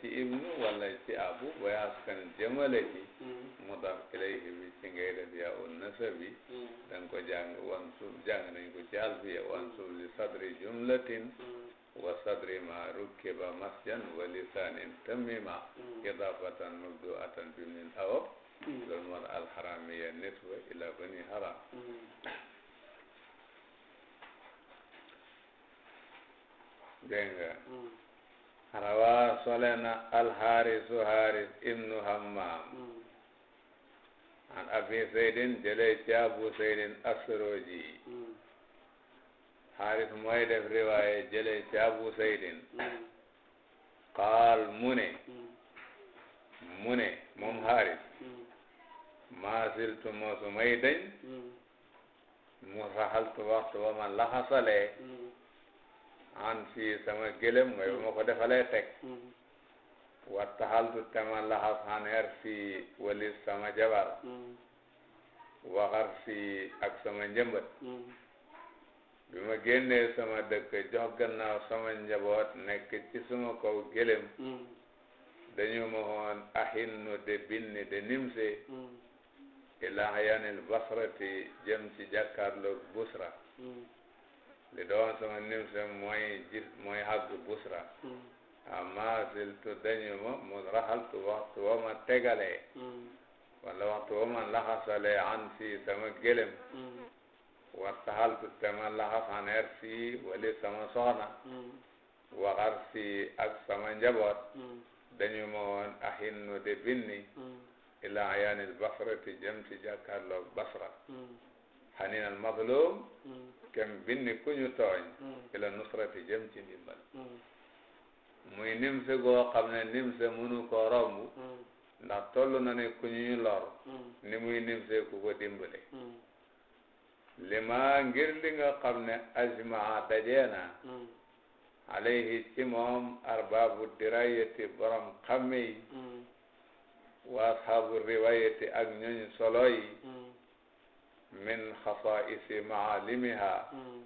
ci ibnu wala ci abu bay askan jëmale ci mudaf mm. ilayhi bi ci ngay def yaa un nasabi mm. danga ko jàng wan suuf jàng nañ ko ci alfiya wan suuf li sadri jumlatin mm. wa sadri ma rukkiba masjan wa lisanin tamima idafatan mabduatan bimnin awab loolu moo alharamiya nisba ila bani haram dégg nga rawaa solena alxaarisu xaaris ibnu hammam hmm. an abi seydin jëlee ci seydin asroji hmm. xaaris mooy def riwaaye jëlee ci abu seydin hmm. qaal mune mune moom xaaris maasiltu moosu may dañ musaxaltu waxtu wa ma an sama gëlëm mooy bu ma ko defalee teg mm-hmm. wattaxaltu tema laxas han her fii sama jabar mm-hmm. waxar fii ak sama njëmbat mm-hmm. bi ma génnee sama dëkk jox gannaaw sama njaboot nekk ci suma kaw gëlëm dañu ma hoon ahinnu de binni de nimse ila hayanil basrati jëm ci jàkkaarloog busra li doon sama nim se mooy gis mooy haddu busra mm. amma ziltu dañu ma raxaltu waxtu wa ma tegalee mm. waxtu wa ma laxasalee an sama gélém mm. waxta haltu laxas aneer si wali sama soxna waxar ak sama njaboot dañu ma woon ahinnu binni ila ayaanil basra ti jëm ci jàkkaarloo basra haninal mazlum kem binni ku ñu tooñ hmm. ila nusrati jëm ci ndimbal hmm. muy nim se xam ne nim mënu ko romb hmm. ndax toll na ne ku ñuy lor ni muy nim ku ko dimbale li ma ngir li nga xam ne ajmaa dajeena alayhi ci moom arbaabu dirayati borom xamme yi wa ashabu ak ñooñ solo yi min xasaisi maalimiha hmm.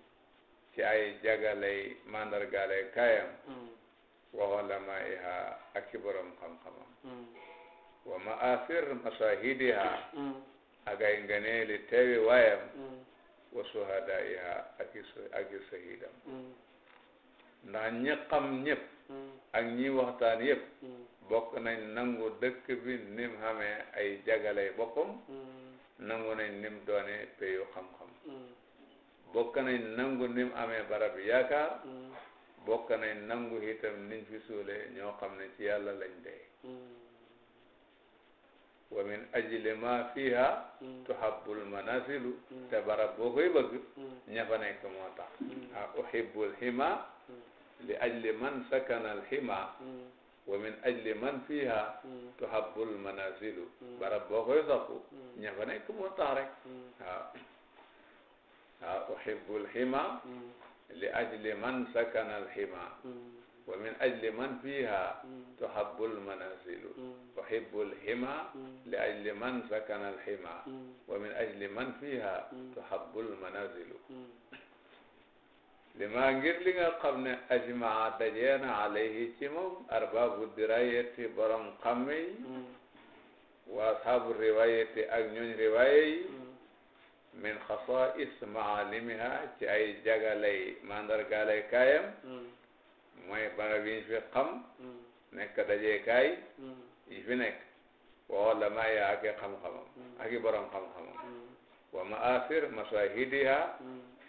ci ay jagalay mandargalay kayam hmm. wa ulamaiha ak ci borom xam-xamam hmm. wa maasir masahidiha ak ay ngëneeli teewi waayam wa suhadaiha ak i sahidam ndax ñi xam ñëpp ak ñi waxtaan yëpp bokk nañ nangu dëkk bi nim xamee ay jagalay boppam nangu nañ nim doone peyu xam-xam mm. bokk nañ nangu nim amee barab yaakaar mm. bokk nañ nangu itam niñ fi suule ñoo xam ne ci yàlla lañ dee mm. wa min ajli ma fiha tuhabbul manasilu te barab boo koy bëgg ña fa nekk moo tax a uhibbul hima li ajli man sakana al wa min ajli man fiha hmm. tuhabbul manazilu hmm. barab boo koy sopp hmm. ña fa nekk moo tax rek waaw waaw uhibbul hima li ajli man sakana al hima wa min ajli man fiha tuhabbul manazilu uhibbul hima li ajli man sakana al hima wa min ajli man fiha tuhabbul manazilu li maa ngir li nga xam ne ajmaa dajee na alayhi ci moom arbaabu dirayati borom xamme yi wa ashabu riwayati ak ñooñ min xasais maalimiha ci ay jagale mandargalay kaayam mooy barab yi fi xam nekk dajee kaay yi fi nekk wala maa yaa ak i xam-xamam ak i borom xam-xamam wa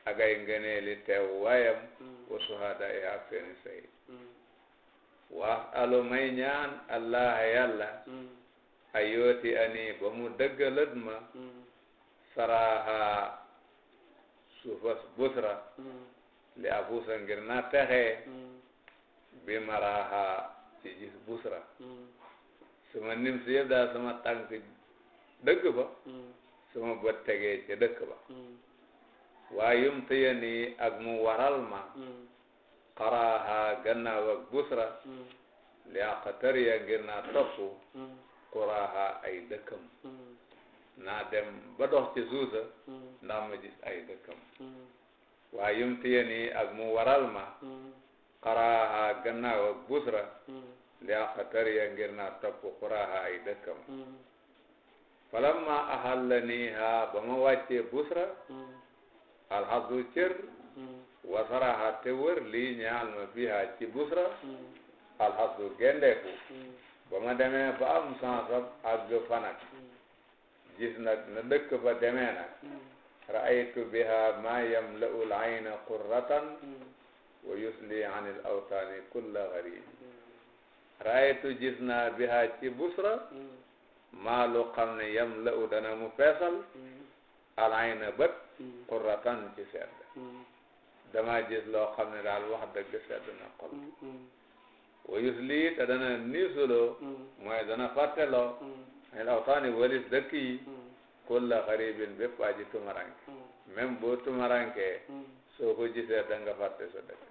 ak ay ngëneeli teew waayam mm. wa suhada yi e ak seeni say mm. wax alu may ñaan allah yàlla mm. ayooti ani ba mu dëggalat ma saraaha suufas busra li abusa ngir na texee bi maraaha ci gis busra sama nim si yëpp daal sama tànk dëkk ba sama bët tegee ca dëkk ba waaye yum téye ak mu waral ma xaraaha hmm. gannaaw ak busra hmm. li aqtariya hmm. ngir naa topp quraaha ay dëkkam naa dem ba dox ci suusa ndax ma gis ay dëkkam waa yum téye ak mu waral ma xaraaha gannaaw ak busra li aqtariya ngir naa topp quraaha ay dëkkam falamma ahallaniha ba ma wàccee busra alxadu cër wasaraxa te wër lii ñaal ma biha ci busra alxadu gendeku ba ma demee ba am sansab àgg fa nag gis nag na dëkk ba demee nag raaytu biha ma yamla'u l ayna qurratan wa yusli an il awtaani kulla garib raaytu gis naa biha ci busra maa lu xam ne yamla'u dana mu feesal al ayna bët qurratan mm. ci sedd mm. dama gis loo xam ne daal wax dëgg sedd na xol mm, wa yus lii te dana niisuloo mooy dana fàtteloo an awtaani walis dëkk kulla xaribin bépp aji tumaranke même boo soo ko gisee da nga fàtte sa dëkk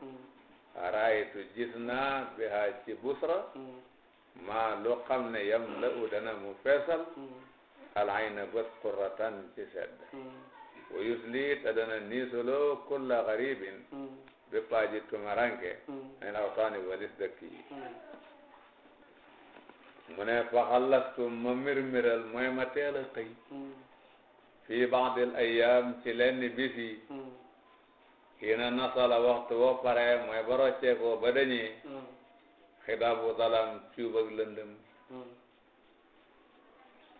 arayitu gis naa bi ha busra maa lu xam ne yam la u dana mu feesal al ayna bët qurratan ci sedd wa yusli te dana niisaloo kulla garibin bépp aji tumaranke min awtaani walis dëkk mu ne fa xallastu ma mirmiral mooy ma teel a xëy fii baadil ayyaam ci lenn bis yi xiina nasala waxtu boo pare mooy ba rocceekoo ba dañee xidaabu dalam cuub ak lëndëm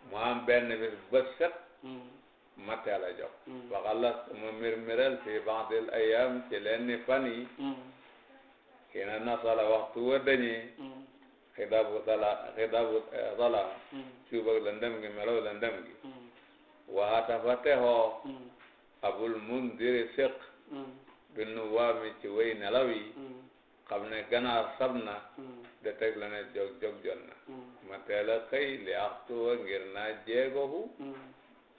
mu am bis bët set ma teel a jóg mm. waxalas ma mirmiral fii bandil ayam ci lenn fan yi kina mm. nasala waxtu wa dañee mm. xidabu sala xidabu eh, salam suubag lëndëm gi melaw lëndëm gi waxatafa texoo abul mundiri séq binnu waami ci way nelaw yi xam ganaar sab na teg la ne jóg jóg jot ma teel a li axtu wa ngir naa jeegoxu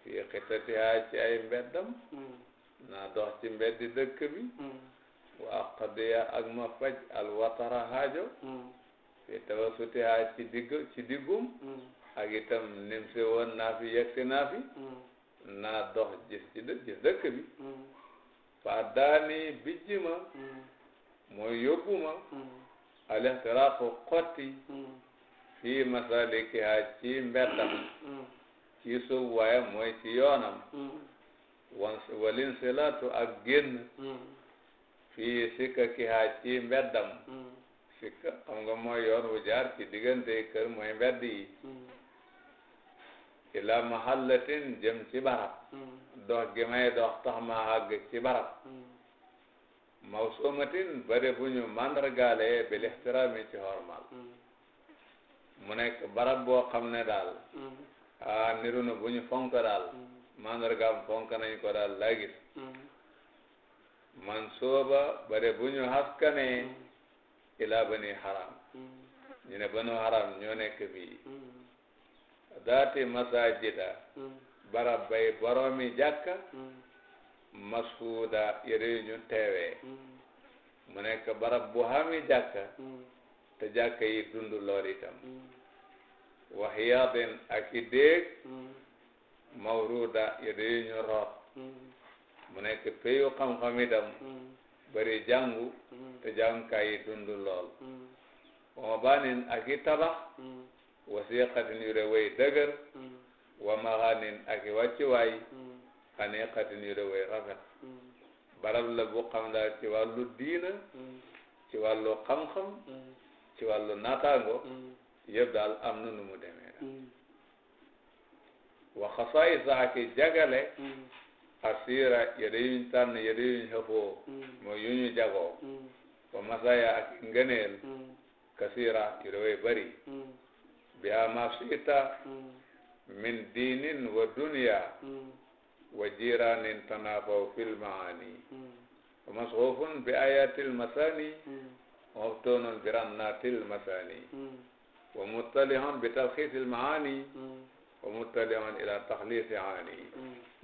fii xitatihaa ci ay mbeddam mm. naa dox ci mbeddi dëkk bi mm. wa aqdiya ak ma faj al watara haajo mm. fii tawasutihaa ci ci diggum ak itam nim si woon naa fi yegsi naa fi naa dox gis ci dëkk bi fa daani bijji ma mooy yóbbu ma al ixtiraaqu xotti fii masalikihaa ci mbeddam ci suuf waaye mooy ci yoonam mm. wan walin silatu ak génn mm. fii sikka ki haa ci mbeddam mm. sikka xam nga mooy yoon wu ci diggante kër mooy mbedd yi ila mahallatin jëm ci barab dox gi may dox tax ma àgg ci barab mawsumatin bare bu ñu màndargaale bil ixtiraami ci hormal mu nekk barab boo xam ne daal ah niru na bu ñu fonk daal mandargaam fonk nañ ko daal laa gis man sooba bare bu ñu haskanee ilaa bani haram ñu ne banu haram ñoo nekk bi daati masajida barab bay boromi jàkka masfuuda yére yu ñu teewee mu nekk barab bu xami jàkka te jàkka yi dund lool itam waxyaadin ak i déeg mawruda yu di yu ñu root mu nekk péyu xam-xam itam bari jàngu te jàngukaay yi dund lool wa mabaanin ak i tabax wasiqatin yu de way dëgër wa maxaanin ak i wàccuwaay xaniqatin yu de way rafet barab la bu xam daal ci wàllu diina ci wàllu xam-xam ci wàllu naataango yëpp daal am na nu mu demee daal mm. wa xasaayis ak jagale mm. asira yëre yuñ tànn yëre yuñ xëfoo mm. mooy yu ñu jagoo wa masaya ak ngëneel kasira yu daway bari bi ama siita min diinin wa dunya wa jiraanin tanafaw fil maani wa masxuufun bi ayatil masani moftoonun bi ramnatil masani wa muttalihun bi talxiisil maani wa muttalihun ila taxliisi aani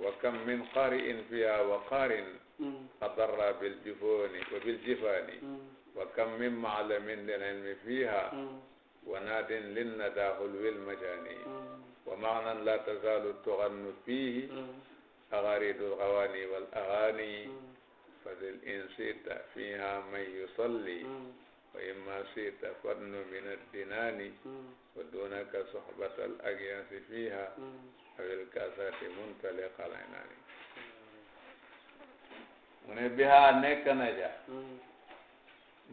wa kam min qari'in fiha wa qarin adarra bil jufooni wa bil jifaani wa kam min maalamin lil ilmi fiha wa naadin lin nadaaxul wil majaani wa maanan la tazaalu tugannu fiihi agaridul gawaani wal agaani fa dil in siita fiha man yusalli wa imma siita fadnu min addinaani wa dunaka sohbatal agyansi fiha awil kasati muntaliqal inaani mu ne biha nekk na ja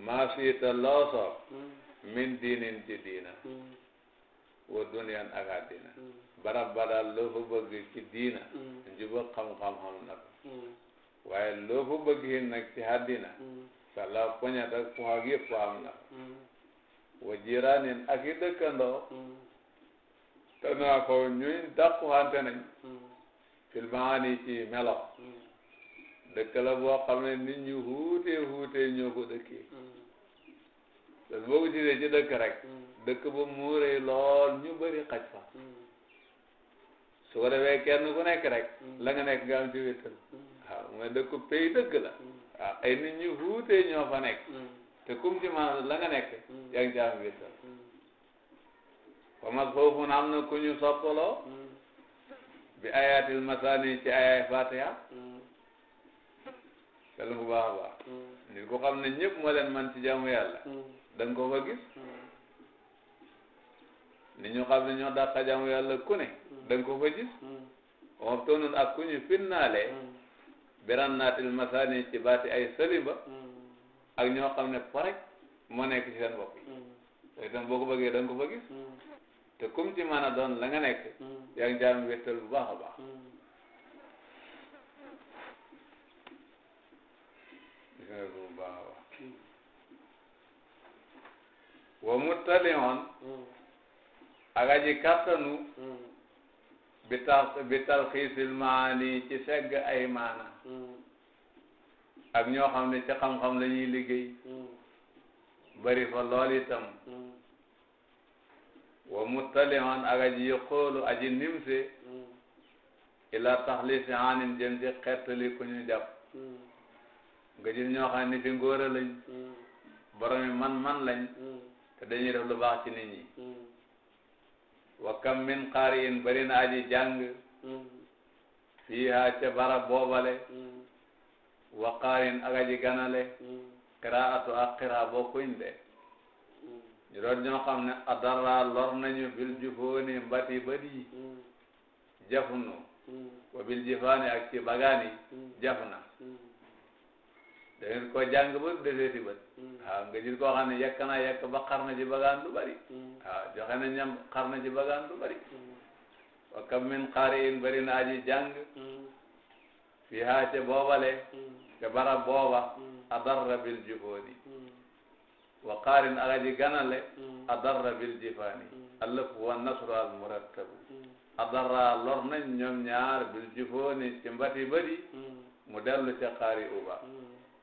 maa siita loo soob min diinin ci diina wa duniyan ak àddina barab ba daal loo fa bëgg ci diina njub ak xam-xam xam na ko waaye loo fa bëgg nag ci àddina kala poñat ak pox ak yëpp am na hmm. wa jiraanin ak i dëkkandoo hmm. te naa ko ñuy dàquwante nañ hmm. fil maani ci melo dëkk la boo xam ne nit ñu huute huute ñoo ko dëkkee parce que boo ko lool ñu bëri xaj fa su ko defee kenn ku nekk rek la ci wéttal waaw mooy dëkku pays dëgg waaw ah, ay nit ñu wuutee ñoo nekk hmm. te kum ci maanaam la nga nekk hmm. yaa ngi jaam wéttal hmm. famas foofu na am na ku ñu soppaloo bi ayatil masani ci ayaay fatiha sel bu baax a baax nit ko xam ne ñëpp moo leen man ci jaamu yàlla da nga ko fa gis nit ñu xam ne ñoo dàqa jaamu yàlla ku ne da nga ko fa gis waxam toonun ak ku ñu biran naatil masaani ci baati ay sëlimba mm. ak ñoo xam ne parek moo nekk ci seen bopp yi mm. te itam boo ko bëggee da ko fa mm. te comme ci doon la nga nekk yaa ngi jaam wéttal bu baax a baax bu baax a baax wa muttalion ak bi tal bi talxiisil maani ci segg ay maana mm. ak ñoo xam ne ci xam-xam la ñuy liggéey mm. bari fa lool itam mm. wa mutalihan ak aji xoolu aji nimse ila taxlisi anin jëm ci xettali ku ñu jàpp nga gis ñoo xam ne fi ngóora lañ boromi man-man lañ te dañuy def lu baax ci nit ñi wa kam min qaari'in bari na aji jàng fiiha ca barab boobale wa qaarin ak aji ganale qiraatu ak qiraa bokkuñ de ñu doon ñoo xam ne adarra lor nañu bil jufooni mbati badi jafnu wa bil jifaani ak ci bagaani jafna da ngeen ko jàng ba deseeti bët hmm. waaw nga gis koo xam ne yekk naa yekk ba xar na ci bagaan lu bari hmm. waaw joxe na ñam xar na ci bagaan lu bari hmm. wa kam min xaariin bari na aji jàng fii haa ca boobale ca barab booba adarra bil jifooni wa xaarin ak aji ganale adarra bil jifaani allëf wa nasru al murattabu adarra lor nañ ñoom ñaar bil jifooni ci mbati bëri mu dellu ca xaari uba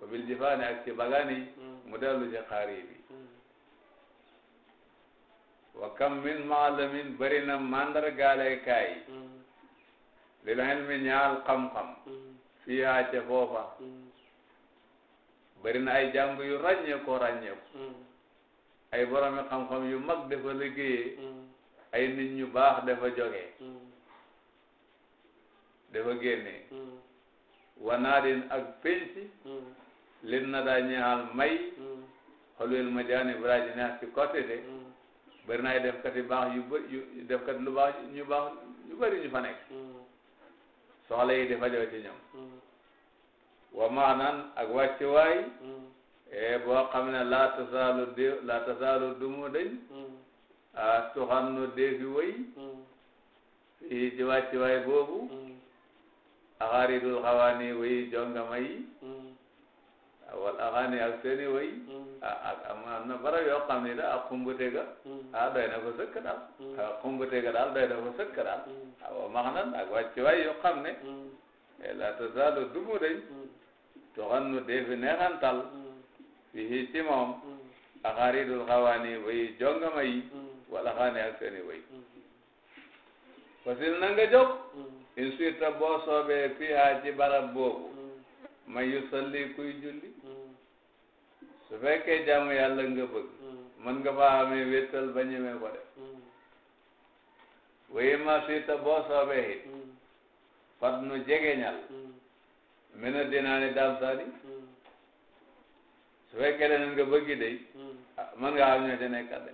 wa bil jifaani ak ci bagaan yi mu dellu ci xaar yi bi wa kam min maalamin bëri na mandargaale kaay ñaal xam-xam fii haa foofa bëri na ay jàng yu ràññeekoo ràññeeku ay boromi xam-xam yu mag dafa liggéeyee ay nit ñu baax dafa jógee dafa génnee wanaarin ak penc lin na daa ñeexal may hmm. xolwel ma jaani braji neex ci côté de hmm. bëri naay def kat baax yu bëri yu def kat lu baax ñu baax ñu bëri ñu fa nekk hmm. soxla yi di fajoo ci ñoom wa maanan ak wàccuwaay e boo xam ne laa tasaalu dé laa tasaalu dumu dañ a tuxannu déefi wëy fii ci wàccuwaay boobu axaaridul xawaani wëyi jonga mayi wal axaani ak seeni way ak am na barab yoo xam ne da ak xumbute ga ah doy na ko sëkk daal ak xumbute ga daal doy na ko sëkk daal awa maxnan ak wàcci waay yoo xam ne la tasaalu dumu dañ toxannu deefi neexantal fii ci moom axaaridul xawaani way jongama yi wal axaani ak seeni way fasil na nga jóg in suita boo soobee fii ci barab boobu ma yusalli kuy julli su fekkee jaamu yàlla nga bëgg hmm. mën nga faa amee wéttal ba ñemee ko def hmm. wéyi ma siita boo soobee hmm. fat nu jegeñal mi na dinaani daal sadi su fekkee leneen nga bëggi day ah, nga xam ñoo ci nekkat de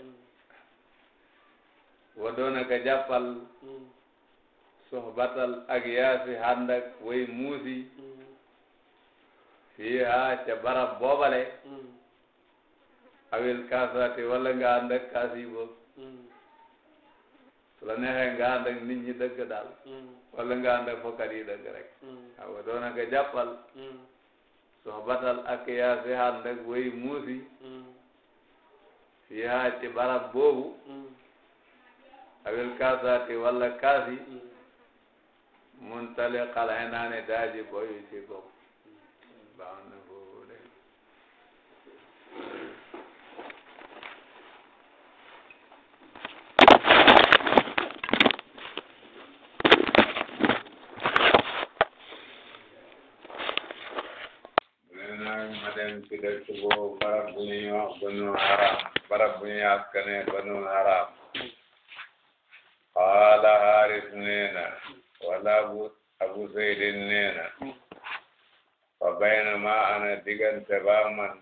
wa doona ka jàppal soxbatal ak yaasi ànd ak way fii ha ca barab awil kaasaati wala nga ànd ak kaas yi boobu nga ànd ak nit ñi daal wala nga ànd fokkat yi dëgg rek awa doona nga jàppal soxbatal ak yaa si ànd ak way muusi fii ci barab boobu awil kaasaati wala kaas mun tali xalaay naa ne daaji boyu ci bopp dem barab bu ñuy wax banu haram barab bu ñuy askane banu haram qaala haris neena wala abu zaydin neena fa baynama ana diggante ba man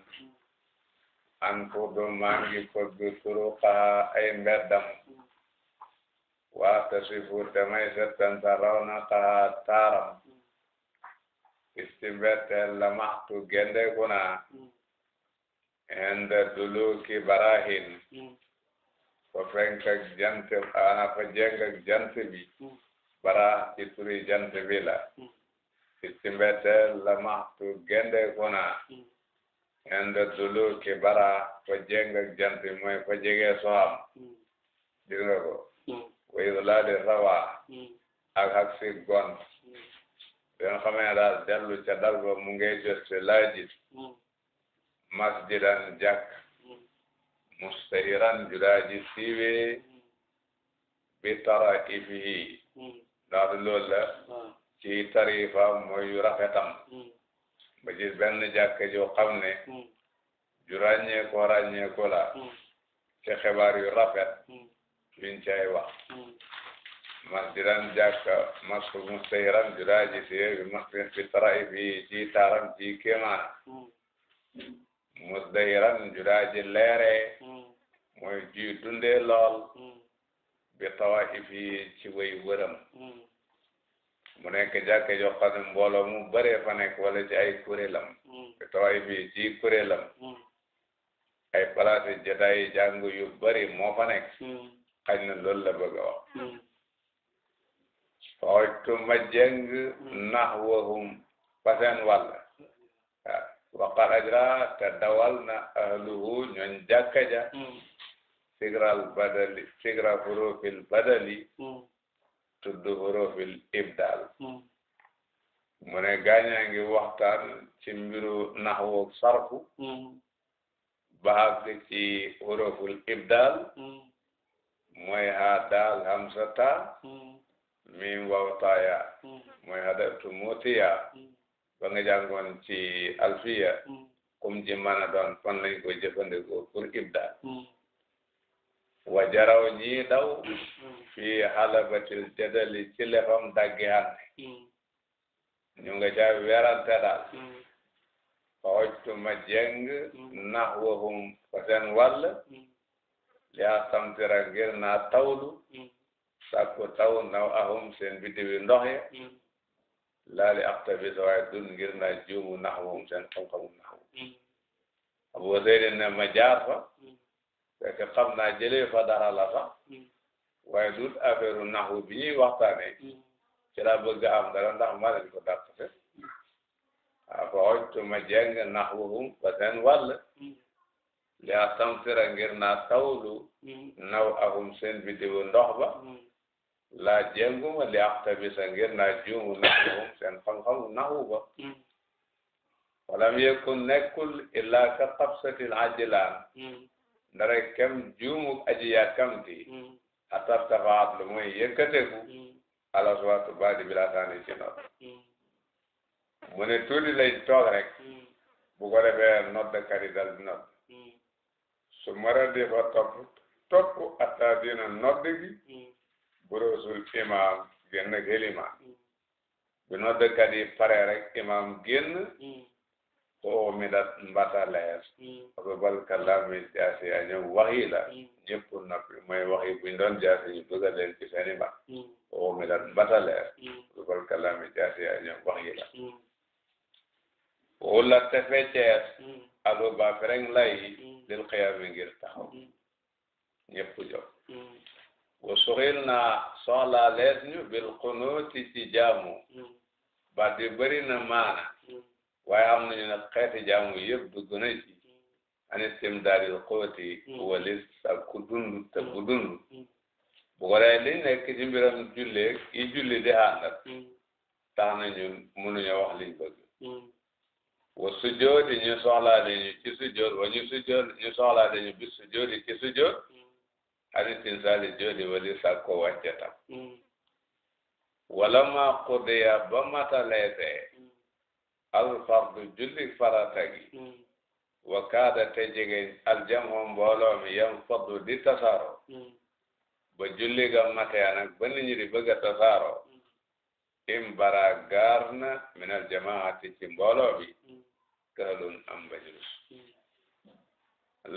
an kudu maa ngi fëgg turuqaha ay mbeddam waata sifu damay settan sa raw na taaram ci mbetteel la maxtu gendeeku naa hende duluki barahin fo fenk ak jant ana fa jeng ak jant bi bara ci turi jant bi la ci la maxtu gendeeku naa hende duluki bara fa jeng ak jant bi mooy fa jege soam dinga ko wa idlaali rawa ak ak si gont bi nga xamee ne daal dellu ca dal ba mu ngay jotte laaji hmm. masjidan jàkk hmm. mustahiran julaaji siiwe hmm. bi taraifihi ndax du la ah. ci tarifa mooy yu rafetam ba ci benn jàkk joo xam ne ju ràññeeko ci xibaar yu rafet yuñ cay masjidan jàkka mask mustahiran juraaji siye bi maskin fi taraifi ci taram ci kéemaana hmm. mustahiran juraaji leere hmm. mooy ji dundee lool hmm. bi tawaifi ci way wëram mu nekk jàkka joo xam ne mbooloo mu bare fa nekk wala ci ay kuréelam bi tawaifi ci kuréelam ay palaasi jotaay jàng yu bari moo fa nekk xañ na loolu la a wax fawajtu ma jëng hmm. nahwahum fa seen wàll wa xaraja te dawal na ahluhu ñoñ ja hmm. sigral badali sigra hurufil badali hmm. tudd hurufil ibdal mu ne gaañaa ngi waxtaan ci mbiru nahwu sarfu ba àgg ci ibdal mooy ha daal hamsata miim wawtaaya mooy hmm. hadaftu mootiya hmm. ba nga jàngoon ci alfiya hmm. kum ji mën doon fan lañ koy jëfandikoo pour ibda wa jaraw ñii daw fii halabatil jadali ci lefam daggi hande ñu nga ca werante daal fa hojtu ma jeng nahwahum fa seen wàll li a samtira naa tawlu sàkku taw naw ahum seen biddiwi ndox ya mm. laali ak tabis waaye dun ngir naa juumu naxwum seen xam-xamu naxwu mm. abu seydi ne ma jaar fa mm. fekk xam naa jëlee fa dara la sax waaye dut affaire naxwu bi ñuy waxtaane ci laa bëgg am dara ndax maa leen ko dàq fe waaw fa xojtu ma jeng naxwuhum ba seen wàll li a tamsira ngir naa tawlu naw ahum seen biddiwi ndox ba laa jénguma li aqtabisa ngir naa juumu naxwum seen xam-xamu naxwu ba hmm. walam yekun nekkul illa ka tabsatil ajilaan hmm. ndare kem juumu aji yàkkamti hatta hmm. tafaat lu muy yëkkateku ala suwaatu baadi bilasaani ci noot mu ne tuuti lay toog rek bu ko defee noddkat yi dal di nodd su mara di fa topp topp attaadina nodd gi burusul imam génn gëliman bi noddkat yi pare rek imam génn soo hmm. mi dat mbata leer oto hmm. jaasi a ñëw waxi la hmm. ñëpp noppi mooy waxi buñ doon jaasi ñu bëgg a leen ci seeni ba soo mi dat mbata leer oto jaasi a ñëw waxi la wala te fecceer alo ba fereng lay lil xëyami ngir taxaw ñëpp jóg wa suxil naa soxlaalees ñu bil xunuuti ci jaamu baat bi bëri na maana waaye am nañu nag xeeti jaamu yëpp dugg na ci ani istimdaadil xóoti walis ak ku dund te ku dund bu ko dee liñ nekk ci mbiram julleeg yi julli di àndal tax na ñun mënuñu wax liñ bëgg wa sujoodi ñu soxlaale ñu ci sujood wa ñu sujood ñu soxlaale ñu bi sujoodi ci sujood hadisin sali joli wali sakko wacce tam mm. wala ma qudiya ba mataleete mm. al fardu julli farata mm. wa kaada te jege al jamu mbooloo mi yam di tasaaro ba julli ga matee nag ba nit di bëgg tasaaro im bara gaar min al jamaati ci mbooloo bi kaalun am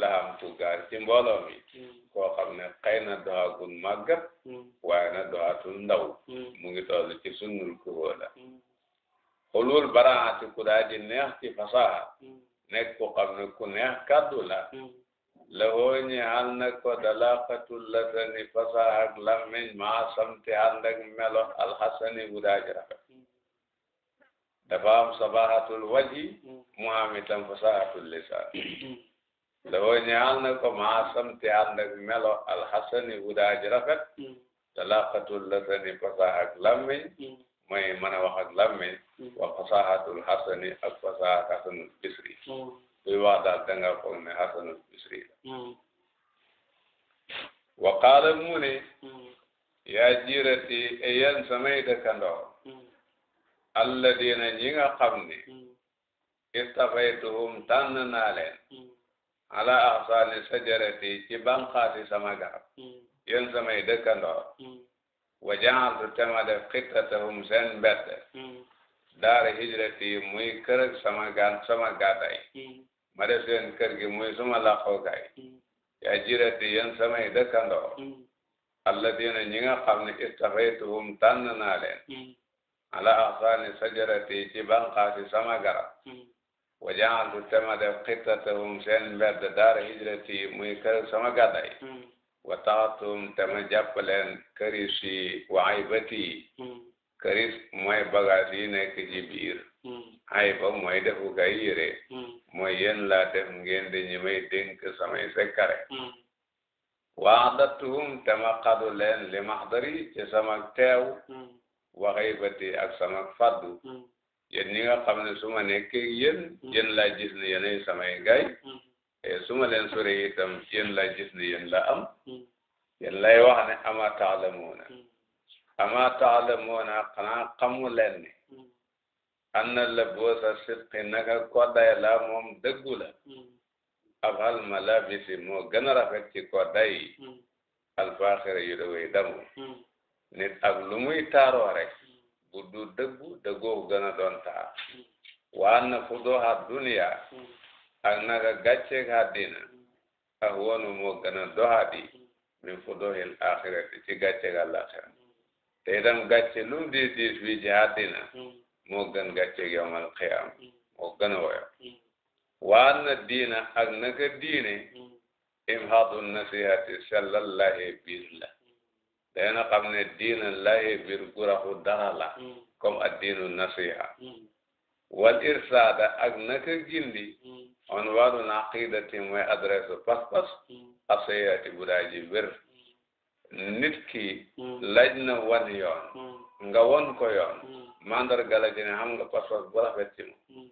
laxam bugaar ci mbooloo mi mm. koo ne xëy na doxagul màggat mm. waaye na doxatul ndaw mm. mu ngi toll ci sunnul kubóo la xulul baraati ku daa neex ci fasaha nekk ku ne ku neex kàddu la la woo ñi àl na ko dalaqatul lasani fasaha ak lammiñ maa samti ànd ak melo alxasani bu daa ji rafet dafa waji mu am itam fasahatul lawoo ñaal na ko maa samti ànd ak melo alxasani bu daa ji rafet talaqatul lasani fasaha ak lammiñ mooy mën a wax ak lammiñ wa fasahatul xasani ak fasaha xasanul bisri buy wax daal danga foog ne xasanul bisri la wa qaala yaa jiirati e yéen samay dëkkandoo alladina ñi nga xam ne istafaytuhum tànn naa leen ala axsaali sajarati ci banqaati sama garab hmm. yéen samay dëkkandoor hmm. wa jaxaltu tema def xittatahum seen mbedd hmm. daara hijrati muy kër sama gaan sama seen kër gi muy suma làqookaay yaa jirati samay dëkkandoor alladina ñi nga tànn naa sajarati ci banqaati sama garab wajaalu tema def xittatahum seen mbedd daara hijrati muy kër sama gàdday wa taxatum tema jàppaleen këris yi wa aybati yi këris mooy bagaas yi nekk ci biir ayba mooy defu kay yére mooy laa def ngeen di ñi may dénk samay sekkare waadattuhum tema xadu leen li maxdari ci sama teew wa xaybati ak sama faddu yéen ñi nga xam ne su ma nekkee yéen mm. yéen laa gis ne yéen ay samay mm. su ma leen soree itam yéen laa gis ne yéen la am mm. yéen lay wax ne ama taalamuuna ama taalamuuna xanaa xamu leen ne anna la boosa sidqi naka kodday laa moom dëggu la afal malabisi moo gën a rafet ci kodday yi alfaaxira yu damu nit ak lu muy taaroo bu du dëggu dëggoo ko gën a doon duniya ak naka gàcceeg àddina ak woonu moo gën a doxaat min fu doxil ci gàcceeg àllaaxira te itam gàcce lu mu fii ci àddina moo gën gàcceeg yawmal qiyaam moo woyo waan na diina ak naka diine imhaadu nasihati sallallahi billah dangeen a xam ne diina layi biir guraxu dara la mm. comme addiinu nasiha mm. wal irsaada ak naka gindi mm. onwaanul aqidati mooy adresse pas-pas aseyaati budaaji wér nit ki laaj na yoon nga won ko yoon mandarga la jine xam nga pas-pas bu rafet ci moom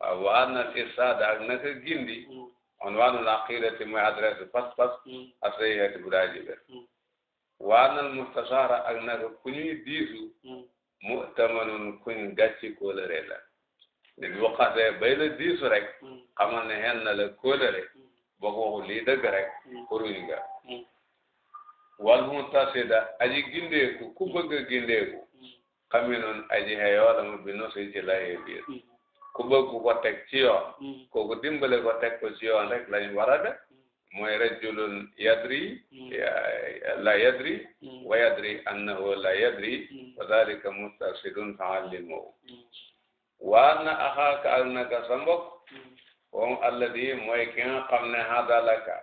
waaw wa irsaada ak naka gindi onwaanul aqidati mooy adresse pas-pas aseyaati budaaji wér waanal mustashara ak naka ku ñuy diisu hmm. mu'tamanun kuñ gàcci kóolëre la ne bu bay la diisu rek hmm. xamal ne xen na la kóolëre hmm. boo ko waxu lii dëgg rek xuruñ nga wal mutasida aji gindeeku ku bëgg a gindeeku xami aji xeyoo la mu bi nosi ci layee biir ku bëgg ko teg ci yoon kooku dimbale ko teg ko rek lañ war a mooy rajulun yadri hmm. la yadri hmm. wa yadri annahu la yadri hmm. wa dalika mustarshidun fa'allimuhu waar na axaaka ak naka sa mbokk moom alladi mooy ki nga xam ne hadalaka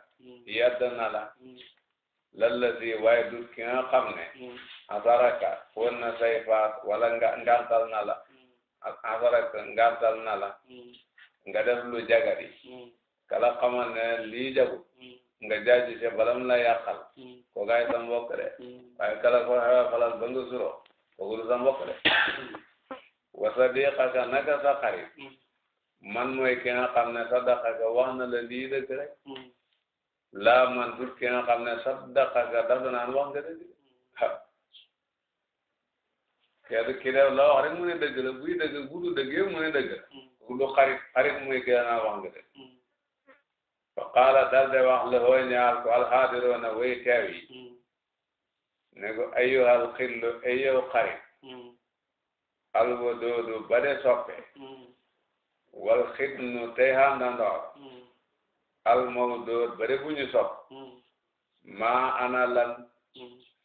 yadda na la lalladi waaye du ki nga xam ne asaraka woon na say faas wala nga ngantal na la asaraka ngantal na la nga def lu jagari kala xamal ne lii jagu hmm. nga jaaji ci balam la yàqal hmm. ko gaay sa mbokk de hmm. kala ko xewa falal ba suro kooku du sa mbokk de wa sadiqaka naka sa xarit man mooy ki nga xam ne sadaqaka wax na la lii dëgg rek laa man dut ki nga ne sadaqaka daf da naan wax nga dëgg kii ki def la wax mu ne dëgg buy dëgg bu du mu ne dëgg la kooku du xarit xarit mooy ki nga wax nga fa qaala dal wax la hoo ñaar ko alxaadiroona way teew yi ne ko ayyuhal xillu ayow xarit alwadoodu bade soppe wal xidnu tey xàndandoor almawdood bade bu ñu sopp maa ana lan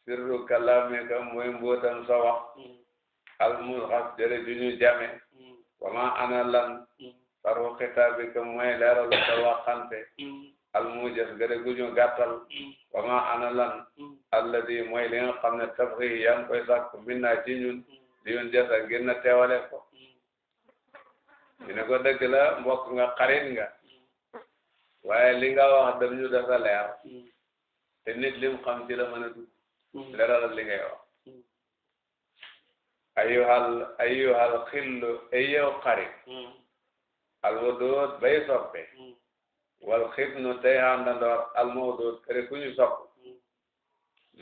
sirru kalaamika mooy mbootam sa wax almulxas jëre ju ñu jame wa maa ana lan saru xitaabi ka mooy leeral ka waxante mm. almujas gëre guñu gàttal mm. wa ma ana lan mm. alladi mooy li nga ne tabxi yaa ngi koy sàkk min ñun li ñun jasa ngir teewale ko ñu ne ko dëgg la mbokk nga xarit nga waaye li nga wax dam ñu dafa leer te lim xam ci la mën a dugg leeral li ngay ayuhal ayuhal xillu ay yow xarit alwadóot bay soppe hmm. wal xibnu tey àndandoor almawdóot kër ku ñu sopp hmm.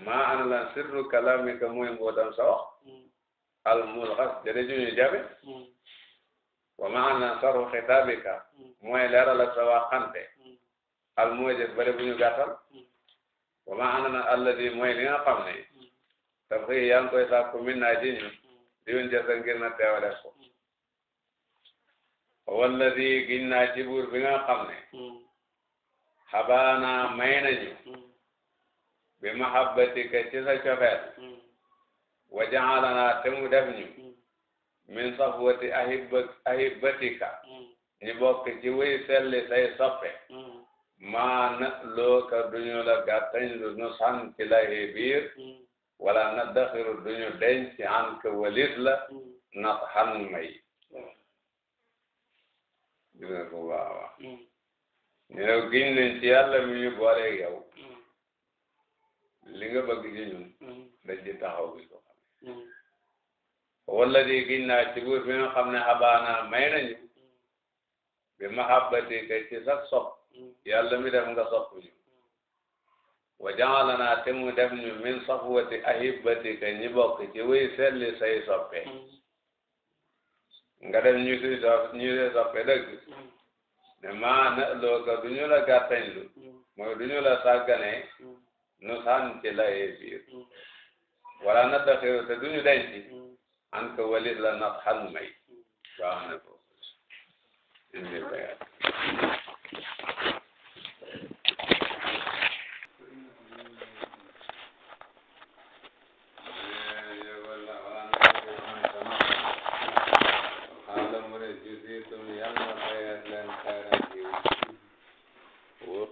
maa ana lan sirru kalamika mooy mbootam sa wax hmm. almulxas jëre ju ñu jabe wa maa ana lan sarru xitaabika mooy leeral ak sa waxante almuujaz bare bu ñu gàttal wa maa ana lan alladi mooy li nga xam ne tafxi yaa ngi min naa ji ñu diwén jësa ngir na teewale ko walladi giñ naa ci buur bi nga xam ne hmm. xabaana may nañu hmm. bi mahabbatika ci sa cofeel hmm. wa ja'alana te mu def ñu min safwati ahibbatika ñu bokk ci wéy selli say soppe maa na looka duñu la gàttañ lu nu san ci lahi biir wala na daxiru duñu denc an ka walis la nas xan may gis na ko baax a baax ñu ne giñ ci yàlla mi ñu booleeg yow mm. li nga bëgg ci ñun mm. dañ ci taxaw bi ko xam mm. wala di giñ na ci buur bi nga xam ne abaana may nañu bi mahabbati ka ci sa sopp yàlla mi def nga sopp ñu wa ja'alanaa te mu def ñu min safwati ahibbati ka ñi bokk ci wéy selli say soppe nga dem ñu si sopp ñu si soppe dëgg ne maa na loo ka du ñu lu mooy du ñu la sàgganee nu saan ci layee biir wala na daxiru te du ñu denc an ka walit la nat xanu may baax na ko indi bayat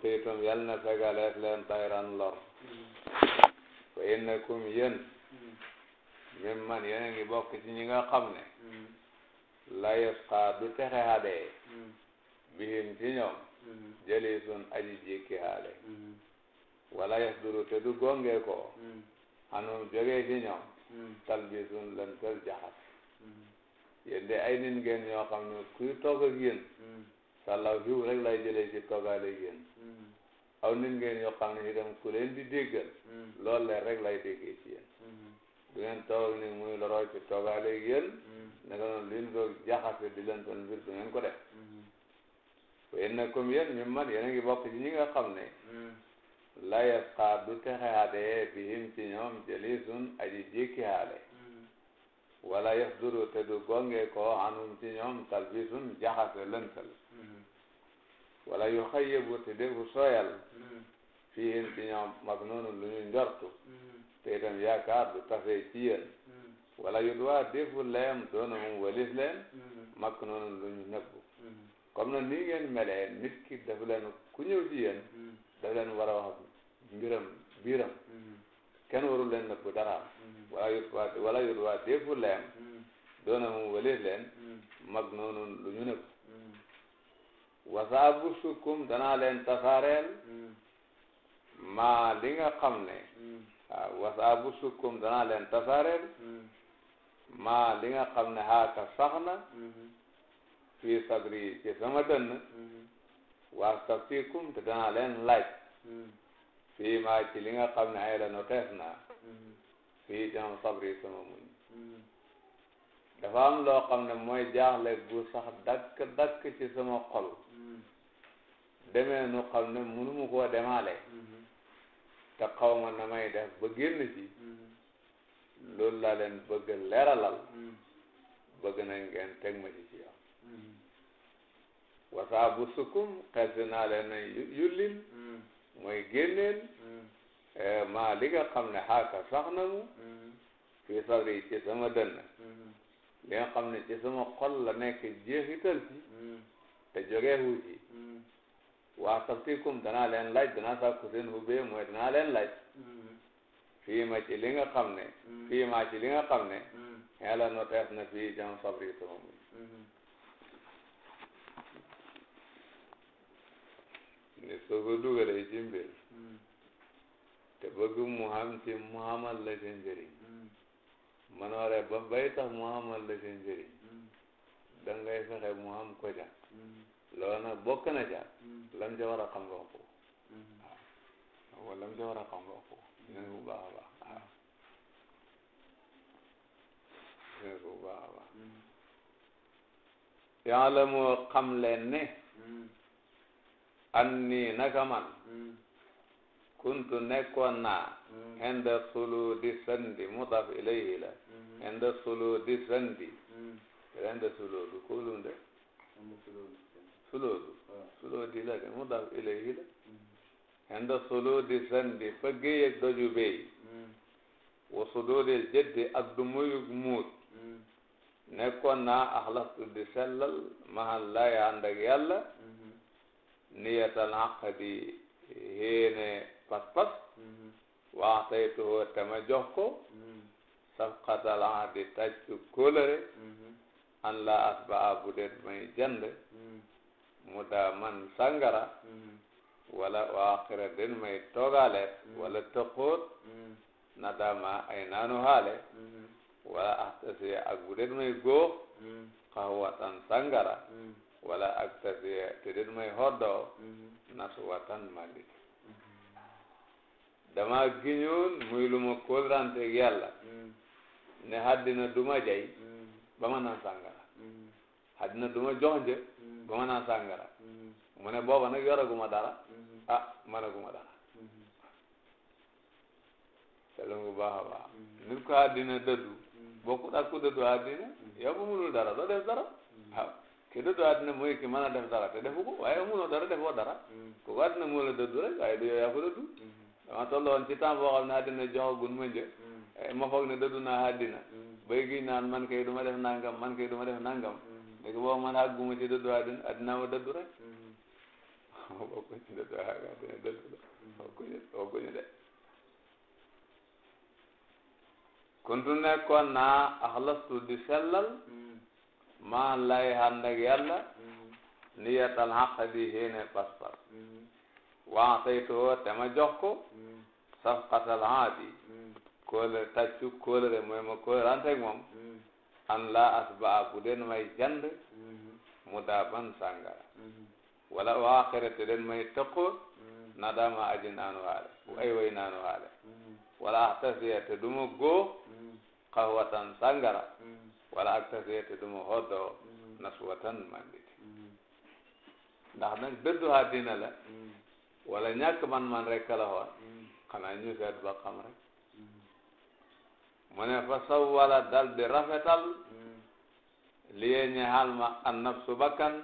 utiitum yal na fegaleef leen tayran lor fa innakum yéen mim man yéen ngi bokk ci ñi nga xam ne la yasqa du texe hadee bihim ci ñoom jëli sun aji jikki haale wala yasduru te du gonge ko anum jógee ci ñoom talbisun lëntal jaxas yéen de ay nit ngeen ñoo xam ne kuy toog ak sàllaw xiw rek lay jëlee ci toogaale yéen mm-hmm. aw nit ngeen yoo xam ne itam ku leen di déggal mm-hmm. loolu leer rek lay déggee ci yéen mm-hmm. du ngeen toog ni muy loroo ci toogaale yéen naka noonu lu du ngeen ko def waaye nag comme yéen ñu man yéen a ngi bokk nga xam ne la yasqa du texe xaadee bihim ci ñoom jëlisun aji jékki xaale wala yasduru te du gonge ko anum ci ñoom talbisun jaxase lëntal wala yu xayyabu te defu sooyal fihin ci ñoom maknunun lu ñu njortu te itam yaakaar du tase ci yéen wala yu duwaa defu leem doona mum walis leen maknunun lu ñu nëbbu comme na nii ngeen melee nit ki daf leen ku ñëw ci yéen daf leen war a wax mbiram biiram kenn warul leen nëbbu dara hmm. wala yut waa wala yut waa déefu leen hmm. doona mu wëleef leen hmm. mag noonu lu ñu nëbb wasaabu sukkum danaa leen tasaareel maa li nga xam ne waaw wasaabu sukkum danaa leen tasaareel maa li nga xam ne haaka sax na fii sadri ci sama dënn waa saftikum te danaa leen laaj fii maa ci li nga xam ne ay la notees naa fii am sama muñ dafa am loo xam ne mooy jaaxle gu sax dakk dakk ci sama xol demee nu xam ne munu koo demaale te xaw ma na may def ba génn ci loolu laa leen bëgg leeralal bëgg nañ ngeen teg ci ci yow wasaa sukkum xes naa leen nañ yullil mooy génneel mm-hmm. eh, maa li nga xam ne xaaka sax na mu mm-hmm. fii sabri ci sama dënn mm-hmm. li nga xam ne ci sama xol la nekk jeexital ci te jógee wu ci waa sabtikum danaa leen laaj danaa sàkku seen hubee mooy danaa leen laaj fii ma ci li nga xam ne fii ma ci li nga xam ne xeela notees na fii jam sabri sama muñ nit soo ko dugalee ci mm. te bëgg mu xam ci mu xamal la seen njëriñ mm. la seen mm. dangay fexe mu xam ko ca loolu nag bokk na ca lam ca war a xam nga ko waaw wala lam ca war a xam nga ko ñun an nii naka hmm. kuntu nekkoon naa inda hmm. sulu di sandi mudaf ilayhi la inda hmm. sulu di sandi inda ah. la di sandi fa géej ak doju béy wa sududil jëddi ak du muut nekkoon naa axlastu di sellal mahal laay ànd ak niyatal aqdi yéene pas-pas waxtaytuhu tama jox ko safqatal aqdi tàccu kóolare an la asbaa bu det may jënd mu daa sangara wala waaxira den may toogaale wala tëqoot na dama ay naanu haale wala axtasi ak bu may góox xawatan sangara wala ak tabiya te dit may hoddoo mm-hmm. nas watan malik dama giñoon muy lu ma kóolranteeg yàlla mm-hmm. ne haddina duma jay mm-hmm. ba ma naan sàngara haddina duma jonje ba ma naan sàngara mu ne booba nag yoraguma dara ah managuma dara selungu baax a baax nit ko haddina dëddu dara doo dara ah. ki dëddu àddina mooy ki mën a def dara te defu ko waaye munoo dara defoo dara kooku àddina moo la dëddu rek waaye du yow yaa ko dëddu dama tolloon ci temps boo xam ne àddina joxagun ma njëkk ma foog ne dëddu naa àddina bay gi naan man kay du ma def nangam man kay du ma def nangam léegi boo man àgguma ci dëddu àddina àddina ma dëddu rek bokku ci dëddu àddina dëddu la bokkuñu bokkuñu de kuntu nekkoon naa axlastu di sellal maa lay ànd ak yàlla mm-hmm. niyatal di xéene pas-pas mm-hmm. waa saytoo te ma jox ko mm-hmm. safqatal haadi kóolare tàccu kóolare mooy ma kóolare ante ak moom an den may jand mu daaban wala waa xerete den may tëqoo nadama aji naanu haale bu way naanu haale wala axtasiya te duma góo xawatan sàngara wala ak tasee te du ma xoddoo naswatan mandite ndax nag dëddu àddina la wala ñàkk man-man rek la xool xanaa ñu seet ba xam rek mu ne fa sawwala dal di rafetal liyee ñaxal ma an nafsu bakkan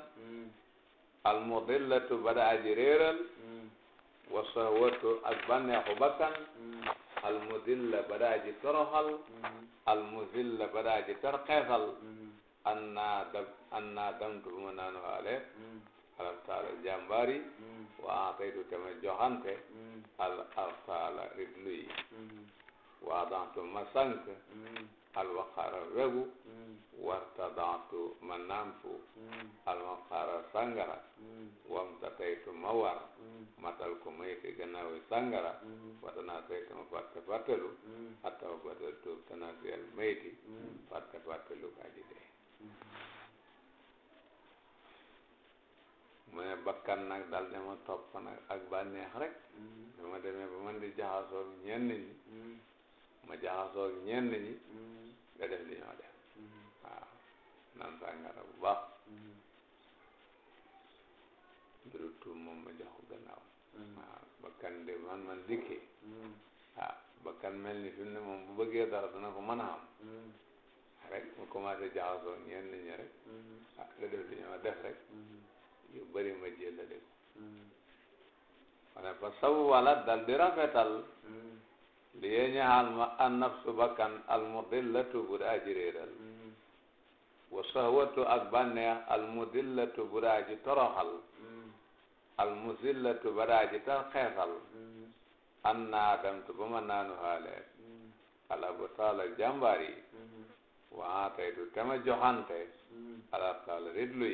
al mudillatu bada aji réeral wa sahwatu ak bànneexu bakkan almudilla badaaji toroxal almuzilla badaaji tarxeesal anna dam anna damtu uma naan waale alabtaala jàmbaari wa ataytu tama joxante al abtaala ridlu yi waadantu ma sànk alwaqara wegu hmm. wartadaatu ma nampu hmm. alwaqara sangara hmm. wamtataytu ma war matal ko may fi gannaaw sangara watanasaytu ma fàtte fàttelu attaw batal tuub tanasiyal mayti fàtte fàttelu kaaji dee mu ne bakkan nag dal dama topp nag ak bànneex rek dama demee ba man di jaxasoo ñenn ñi ma jaxasoo ak ñenn ñi mm-hmm. nga def li ñoo def mm-hmm. waaw naan sàngara bu baax mbiru mm-hmm. tuub moom ma jox ko gannaaw waaw man man dikkee ah bakkan mel ni fi ne moom bu bëggee dara dana ko mën a am rek mu commencé jaxasoo ak ñenn ñi rek ah nga ñoo def rek yu bëri ma jëllale ko wane fa sabu wala dal di rafetal li yee ñaxal ma an nafsu bakkan al mudillatu bu daa wa sahwatu ak banneex al mudillatu bu daa ji al musillatu ba daa ji tar xeesal an ma naanu xaalee ala bu taala jàmbaar yi waa tey du tema joxante ala taala ridlu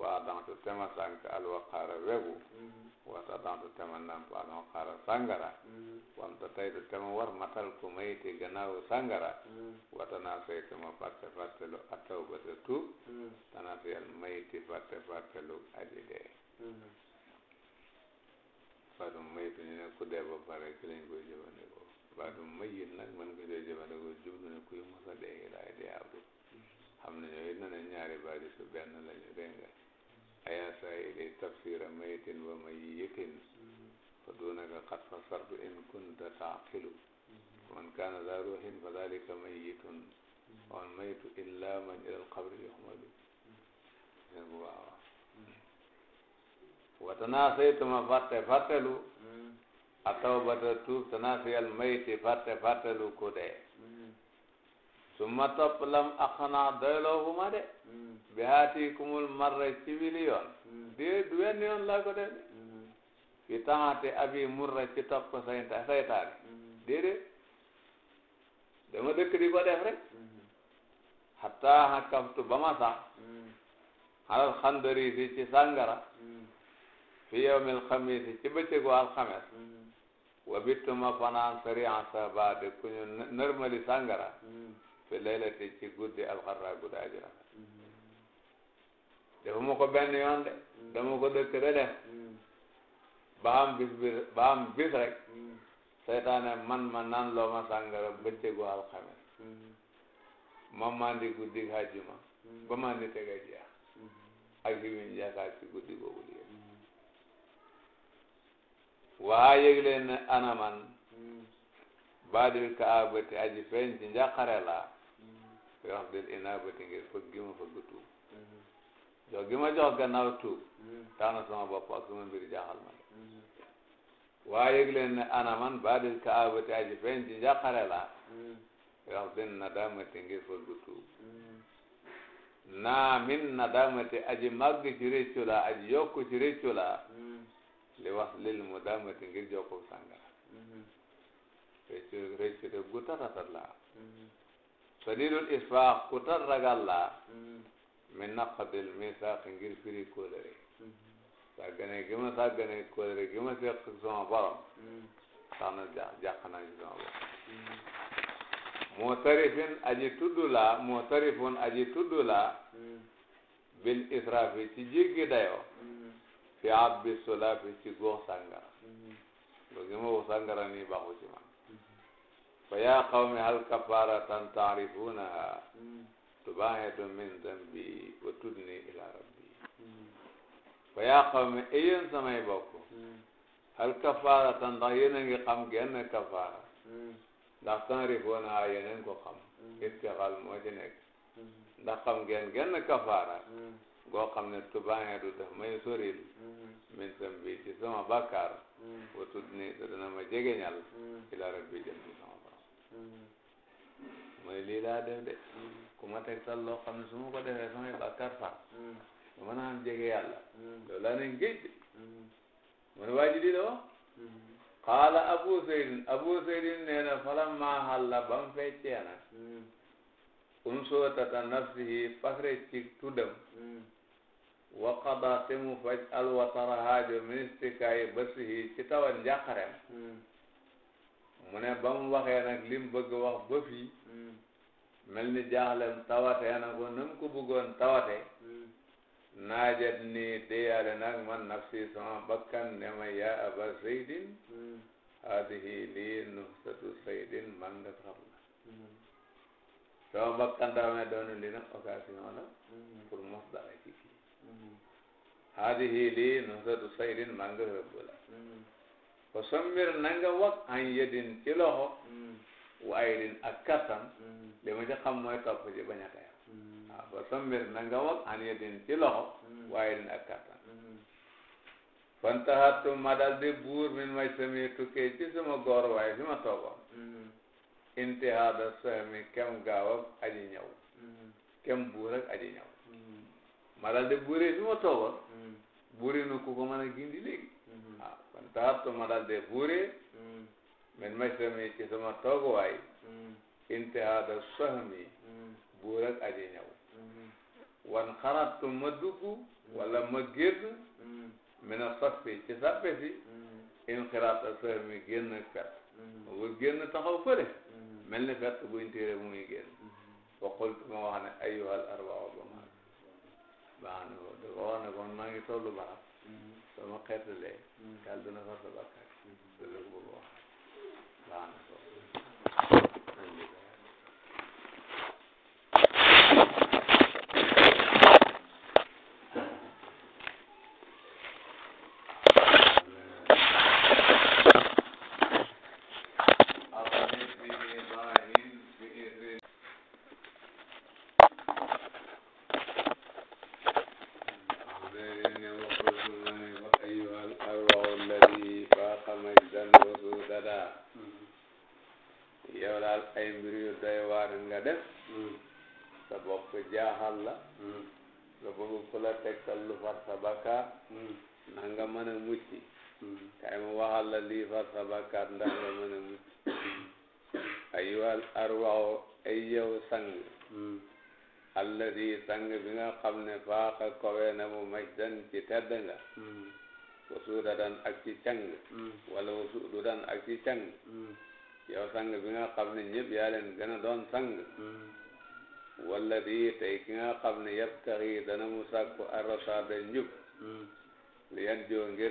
waa dantu tema sànk alwaqaara wegu mm-hmm. wata dantu tema namp alwaqaara sangara mm-hmm. wanta taytu tema war matal ku mayti gannaaw sangara mm-hmm. wata naa say tema fàtte fàtte lu ataw ba te tuub tana fiyal mayti fàtte fàtte lu aji dee baatum mayitu ñu ne ku dee ba pare ci lañ koy jëfandikoo baatum mayit nag man ko dee jëfandikoo jublu ne kuy mos a dee laay dee abdu xam nañu na ne ñaari baat yi su benn lañu dégg nga ayasa ili tafsira mayitin wa mayitin fa dunaka qad fassartu in kunta taaqilu mm-hmm. man kaana za ruhin fa dalika mayitun wal mayitu illa man ila alqabri yuhmalu mm-hmm. wa tanaasaytu ma fàtte fàttelu mm-hmm. atawbata tuub tanaasiyal mayiti fàtte fàttelu ku dee su ma topp lam axanaa doyloo bu ma de mm-hmm. bi haati kumul marra ci wili mm-hmm. di du wenn yoon laa mm-hmm. fi taxaate abi murra ci topp ko sayta saytaane déedéet dama dëkk di ko rek hatta hakaftu ba ma sax alal xandari si ci sàngara fi yawmil xamisi ci bëccëgu alxames wa bittu ma fanaan sarian ba de ku ñu nërmali sàngara bi laylati ci guddi alxarra guddi aji rafet defu ma ko benn yoon de ko dëkk de def ba am bis bi bis rek seytaane man ma naan loo ma sàngara bëccëgu alxames ma mandi guddi àjjuma ba mandi tega jeex ak yi ñu yaakaar ci guddi boobu liggéey waa yëg leen ne ana man baadil kaabati aji feeñ ci njàqare yoo xam ne inaabati ngir fëgg gi ma fëgg tuub mm-hmm. mm-hmm. mm-hmm. waaye yëg ne ana man baa di kaabati aji feeñ ci njàqare laa yoo xam ne nadaamati ngir fëgg tuub naa min nadaamati aji màgg aji yokk ci réccu li wax lil mu daamati ngir jokku sàngara réccu réccu de gu tatatat sadidul isfaaq ku tar ragal la min naqadil misaaq ngir firi kóolere sàggane gi ma sàggane kóolere gi ma seq sama borom tax na jàq jàq naa ci sama borom mutarifin aji tudd la aji tudd la bil israfi ci jéggi dayo fi abbi solaafi ci góox sàngara lu gi ma wax sàngara nii baaxu fa yaa qawmi hal kafaaratan taarifuunahaa tubaa'idu min dambi wa tudni ilaa rabbi fa yaa qawmi ay yéen samay bokk hal kafaaratan ndax yéen a ngi xam genn kafaara ndax taarifuunahaa yéen a ngi ko xam ittiqaal moo ci nekk ndax xam ngeen genn kafaara goo xam ne tubaa'idu daf may soril min dambi ci sama bàkkaar wa tudni te dana ma jegeñal ilaa rabbi jëm ci sama mooy lii laa def de ku ma tegtal loo xam ne su ko defee samay bàkkaar far ma a am jege yàlla loolu laa ne géej de di la wax qaala abu seydin abu seydin nee na maa xalla ba mu feccee nag um sootata nafsihi fakre cig tuddam wa qada te mu faj alwatara haajo ministre kaay basihi ci tawan njàqarem mu ne ba mu waxee nag li mu bëgg wax ba fii mel ni jaaxlem tawatee na ko na mu ko bëggoon tawate naajat nii déyaale nag man nafsi sama bakkan ne ma yaa aba zeydin hadihi lii nuxsatu zeydin man nga xam na sama bakkan daa may doon li nag occasion la pour mos dara ci kii hadihi lii nuxsatu zeydin man nga rëbb la fa sammir na nga an yedin ci loxo mm. wa aydin ak kattan mm. li ma ci xam mooy topp ci bañ a tayal mm. waaw fa sammir na nga an yedin ci loxo wa aydin ak kattan fantaxatu ma dal di buur min may sami tukkee ci sama góor waaye fi ma toogoon intihaada sami kem gaaw ak aji ñëw kem buur aji ñëw ma dal di buuree fi ma toogoon buurinu ku ko mën a gindi léegi Mm-hmm. ah kon mm-hmm. taxabtu mm-hmm. ma daal buure min majtami ci sama tooguwaay intihaada sahmi buur ak aji ñëw wan xarattu ma dugg wala ma génn min a soppi ci sappe si inxiraata sahmi génn fet ma génn taxaw fële mel ni fet buñ téere mu ngi génn wa qultu ma wax ne ayyuhal arbaau ba maa baax na ko dafa wax ne kon maa ngi tollu barab soo ma xeetalee. daal mm. dana far sa bàkkaar. dëgg la bu baax. tedd nga mm. da dan ak ci càng mm. wala wasuudu dan ak ci càng mm. yow sang bi nga xam ne ñëpp yaa a doon sang di tey ki nga xam ne yab tax yi dana mu sàkku arrasaada njub li yan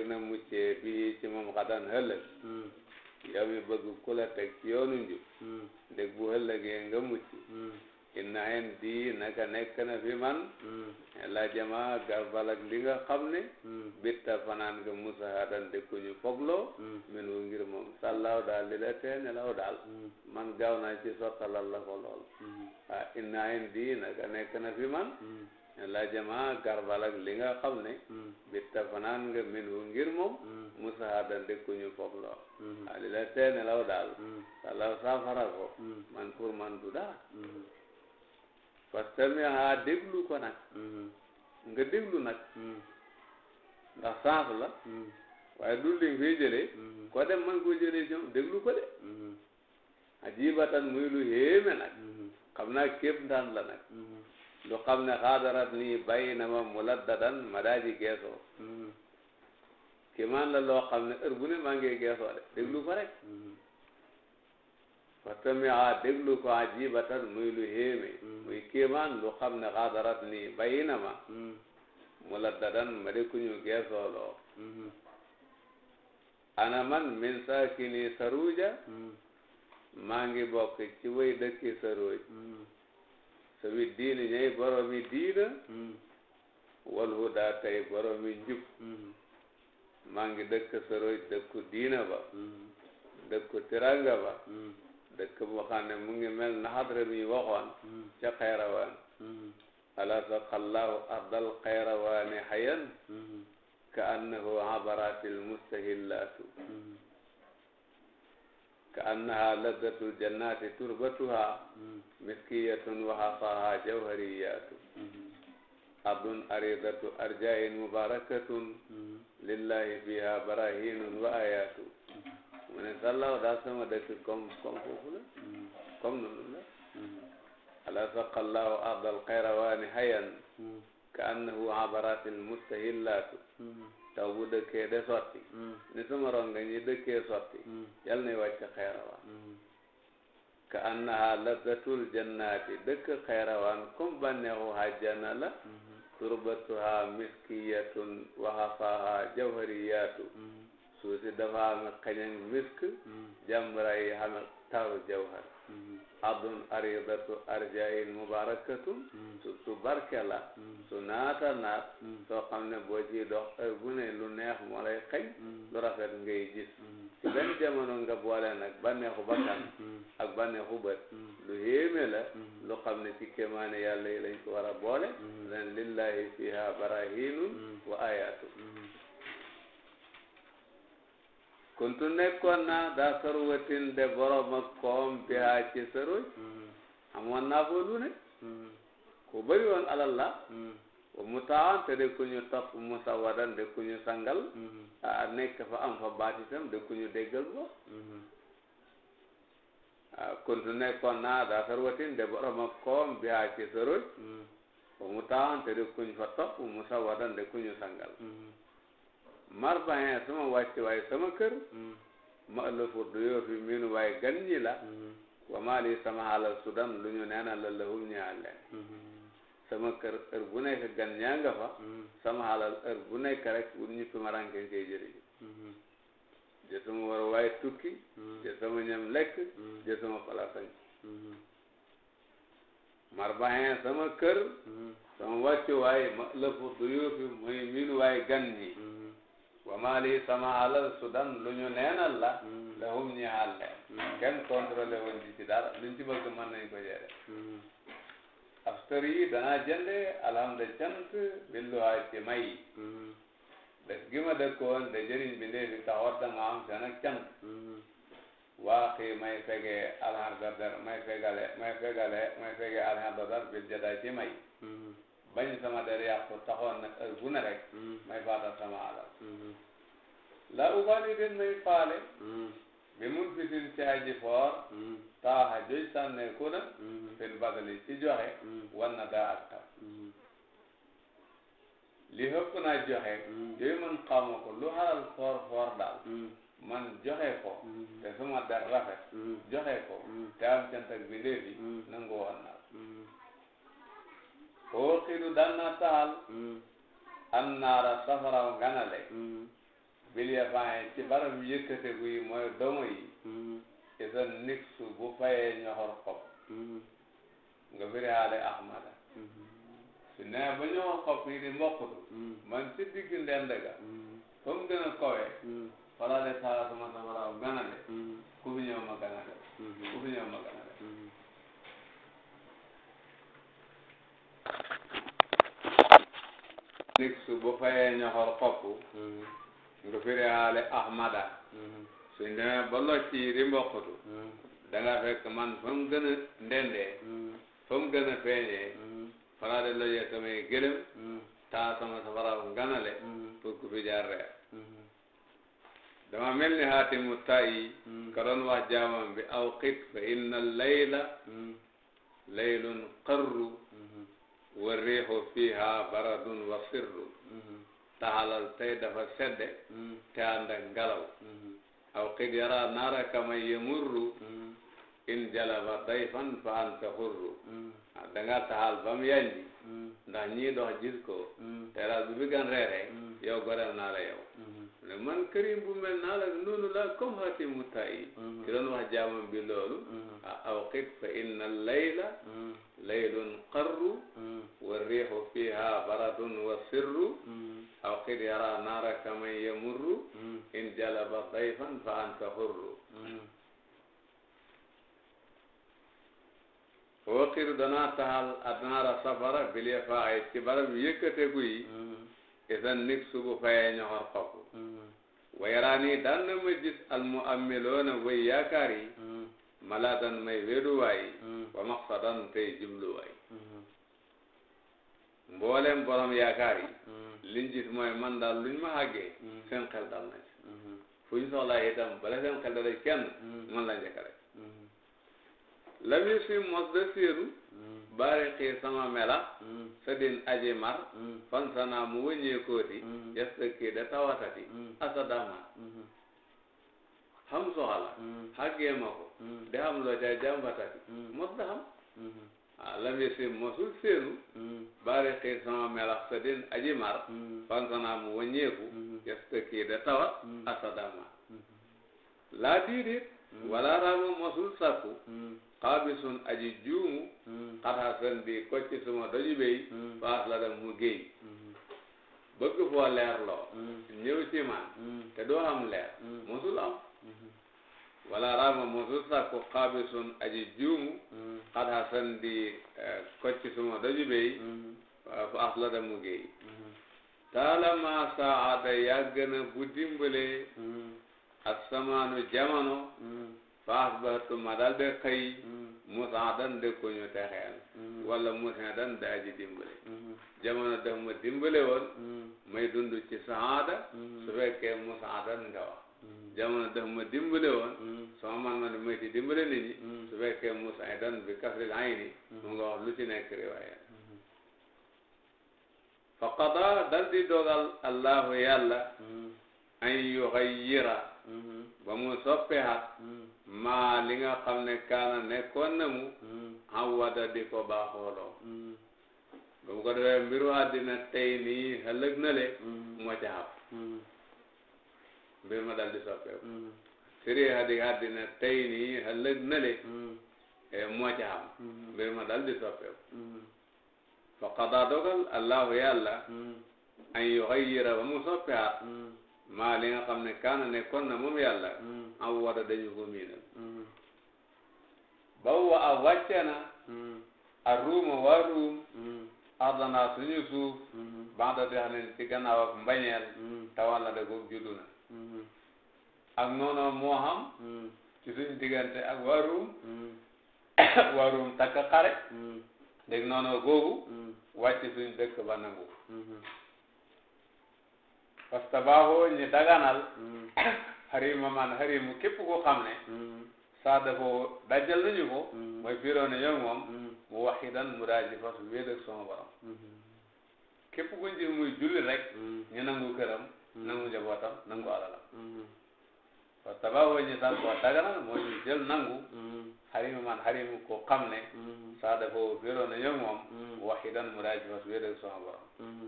na muccee fii ci moom xadan hëllëg yow mi bëgg ku la teg ci yoonu njub ndeg bu hëllëgee nga mucc inna indi naka nekk na fi man hmm. la jama garbal ak li nga xam ne hmm. bitta fanaan nga musahadan de ko ñu hmm. min wu ngir moom sàllaw daal li la tee nelaw daal man gaaw naa ci sottalal la ko lool waa inna indi naka nekk na fi man la jama garbal ak li nga xam ne bitta fanaan nga min wu ngir moom musahadan de ko ñu fogloo li la tee nelaw daal sàllaw saafara ko man pour man du daal fastamiha déglu ko nag mm-hmm. nga déglu nag mm-hmm. ndax sens la mm-hmm. waaye du li nga koy jëlee ko dem man koo jëlee ñoom déglu ko de ajibatan muy lu yéeme nag xam naa képp ndaan la nag lu xam ne xaadarat nii bàyyi na ma muladdadan ma daa ji geesoo ki la loo xam ne heure bu ne maa ngi geesoo de déglu ko rek fatami a déglu ko ajibatan muy lu muy kéemaan lu xam ne xaadarat nii bayi na ma mu la dadan ma di ku ñu geesooloo ana man min saakini saruja maa ngi bokk ci way dëkki saruj sawi diini ñay boromi diina wal huda tey boromi njub maa ngi dëkk saruj dëkku diina ba dëkku tiranga ba dëkk boo xam ne mu ngi mel na xadra bi ñu waxoon hmm. ca xayrawaan hmm. ala saqallaahu ardal xayrawaani xayan hmm. ka annahu abaratil mustahillaatu ka annaha laddatul jannaati turbatuha miskiyatun wa hasaha jawhariyaatu ardun aridatu arjaain mubarakatun lillahi fiha barahinun wa ayaatu mu ne Sallaw daal sama dëkk comme comme foofu la mm. comme noonu la mm. ala saqallaahu ardal xayrawaani hayan mm. ka annahu abaratin mustahillaatu taw bu dëkkee de sotti ni sama ronga ñi dëkkee sotti yal na wàcc xayrawaan ka annaha labdatul jannaati dëkk xayrawaan comme bànneexu hajjana la mm-hmm. turbatuha miskiyatun wa hafaha suuf si dafa am xeñan misk hmm. jàmbara yi xam taaru jawhar hmm. abdun aridatu arjain mubarakatun hmm. suuf su barke la su naata naat soo xam ne boo ciy dox bu ne lu neex moo lay xeñ lu rafet ngay gis ci benn jamono nga boole nag bànneexu bakkan ak bànneexu bët lu yéeme la lu xam ne ci kéemaane yàlla yi lañ ko war a boole len lillahi fiha barahinun wa ayatun kuntu nekkoon na daa sarwatin de borom ak koom bi haa ci saroj mm-hmm. amoon naa foo lu ne mm-hmm. ku bëri woon alal la mm-hmm. wa mu taan te de ku ñu topp mu sawadan de ku ñu sangal a nekk fa am fa baat itam de ku ñu déggal bo a kuntu nekkoon naa daa sarwatin de borom ak mu taan te de marbahin sama wàcc waaye sama kër hmm. ma ëllëfu du yoo fi miinu waaye gan ñi la hmm. wa sama xaalal sudan lu ñu neena la lahum ñaal leen hmm. sama kër heure bu nekk gan ñaa nga fa sama xaalal heure bu nekk rek wut ñu fi maranke ngay jëriñu war waaye tukki jë sama ñam lekk jë sama palasañ marbahin sama kër sama wàcc waaye ma ëllëfu du yoo fi mooy miinu waaye gan ñi wa maa lii sama alal sudan lu ñu neenal la lahum mm. ñi àll mm. kenn contrôlé woon ci ci dara luñ ci bëgg mën nañ ko jeere mm. aftari yi danaa jënde alhamda cant billuhaa ci may dëkk gi ma dëkkoon da jëriñ bi ndee fi taxoot dama am seen ak cant waaqi may fege alhamda dar may fegale may fegale may fege alhamda dar bil jadaa ci may bañ sama der yàqu taxoon na heure bu ne rek mm-hmm. may faatal sama alal mm-hmm. la ubali den may faale mm-hmm. bi mun fitin ci aji foor taaxa joj sànneeku na fil badali ci joxe wan na daa ak li hëpp naa joxe yooyu man xamu ko lu xaral foor foor daal man joxe ko te suma der rafet joxe ko te am cant ak bi léegi nangu woon naa koo xidu daan na taal hmm. an naara safaraw ganale bil hmm. yafaan ci barab yëkkateku yi mooy domo yi hmm. isan nik su bu fayee ñoxor xob nga biri haale ahmada su ne ba ñoxor xob yi di mboqutu man si digg ndend ga fa mu gën a kowee falale taala sama safaraw ganale ku fi ñëw ma ganale ku fi ma ganale nit su bu xëyee ñoxor xopp mm-hmm. nga firi haale ahmada mm-hmm. suñ demee ba locc di mboqatu mm-hmm. da fekk man fa mu gën a fa mu gën a feeñee faraade lojee samay gëlëm taa sama safaraw nganale pour ku fi jaar reer dama mel ni xaatimu tayi ka doon wax jaamam bi aw xit fa inna layla laylun qarru wa riixu fiha baradun wa sirru mm-hmm. taxalal tey dafa sedde mm-hmm. te ànd ak ngelaw mm-hmm. aw qid yara naara kama yamurru in jalaba dayfan fa anta hurru mm. ah, da nga taxal ba mu mm. yanji ndax ñii dox gis ko mm. teral bu bi gan reere yow goreel naa la yow mm-hmm. ne man kërim bu mel naa la noonu la comme hati mu tayi mm-hmm. ki doon wax jaamam bi loolu mm-hmm. a ah, awqit fa inna layla laylun qarru wa riixu fiha baradun wa sirru awqit yara naara kaman yamurru in jalaba dayfan fa anta hurru waqiru danaa taxal adnaara sabara bilee faaxi ci barab yëkkateku yi mm-hmm. isan nig subu fayee ñoxor xokku mm-hmm. wayraani daan na ma gis almu ammiloona way yaakaar yi mm-hmm. malaatan may wéeduwaay wa maqsadan tey jubluwaay mboolem borom yaakaar yi liñ gis mooy man daal luñ ma àggee seen xel dal na ci fu ñu bala seen dale kenn man la njëkk lami hmm. si hmm. hmm. mos da ah, séenu baari sama mela sa din aji mar fan sana mu wëññeekooti yasta kii da tawatati asa dama xam soxala xàggee ma ko de xam loo ca jàmbatati mos da xam ah lami si mosul séenu baari xii sama mela sa din aji mar fan sana mu wëññeeku yasta kii da tawat asa dama laa diirit wala rama mosul sakku xaabisun aji juumu hmm. xatasan di ko ci suma doji béy hmm. faas la dem hmm. bëgg foo leerloo ñëw ci man te doo am leer mosul am wala rama mosul sàkku xaabisun aji juumu xatasan di eh, ko suma doji béy faas la dem mu géey taalama saada na bu dimbalee asamaanu jamono faas ba tuma daal de xëy musan mm-hmm. dan de ko ñu texeel mm-hmm. wala musan dan daa dimbale mm-hmm. jamono daf ma dimbale woon may dund ci saada su fekkee musan dan nga wax jamono dimbale woon sama man man may ci dimbale nit ñi su fekkee musan dan bi kasril ayni mu nga wax lu ci nekk dogal allahu yàlla an yuxayyira ba mu soppehat maa li nga xam ne kaana nekkoon na mu xam hmm. wada hmm. ba mu ko defee mbiru àddina tey nii ëllëg na le hmm. moo ca xab mbir ma siri hadi àddina tey nii ëllëg na le e moo ca xam mbir ma dal di soppeeku fa qada dogal allahu yàlla an yuxayyira ba mu maa li nga xam ne kaana nekkoon na moom yàlla am mm. wada dañu ko miinal mm. ba wa a wàcce na mm. a ruuma waa ruum ardana suñu suuf mm-hmm. banda dex nen ci gannaaw ak mbañeel tawan la da goog juddu na mm-hmm. ak noonu moo xam ci suñu diggante ak waa ruum waa ruum takk xare dégg noonu googu wàcce suñu dëkk ba nangu mm-hmm. fastabaaxoo ñu daganal xarima mm. man xarimu képp ku xam ne mm. saa dafoo dajal nañu ko mm. mooy fiiroo ne ñoom moom mu waxidan mu daal di fas wéet ak sama borom képp ku ñu muy julli rek ñu nangu këram nangu njabootam nangu alalam fastabaaxoo ñu saa ko daganal mooy ñu jël nangu xarima man xarimu ku xam ne saa dafoo fiiroo ne ñoom moom mu waxidan mu daal di fas wéet ak sama borom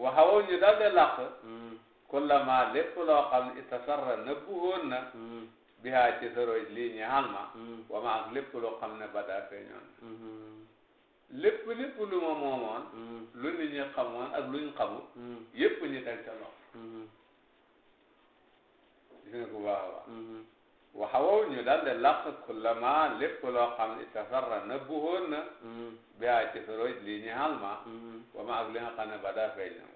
waxawoo ñu daal di làq. Hmm. kullama lépp loo xam ne itasarra nëbbu woon na. Hmm. bihaa ci soroj lii ñu ma. Hmm. wa ma ak lépp loo xam ne badaa feeñoon. lépp lépp lu ma moomoon. lu nit ñi xamoon ak lu ñu xamul. yépp ñu teg ca loxo. gis nga ko baax a waxawaw ñu daal di làq kullama lépp loo xam ne tasarra nëbbuwoon na. bi a ci soroj lii ñu xal ma. wa ma ak li ne ba daa feeñ na.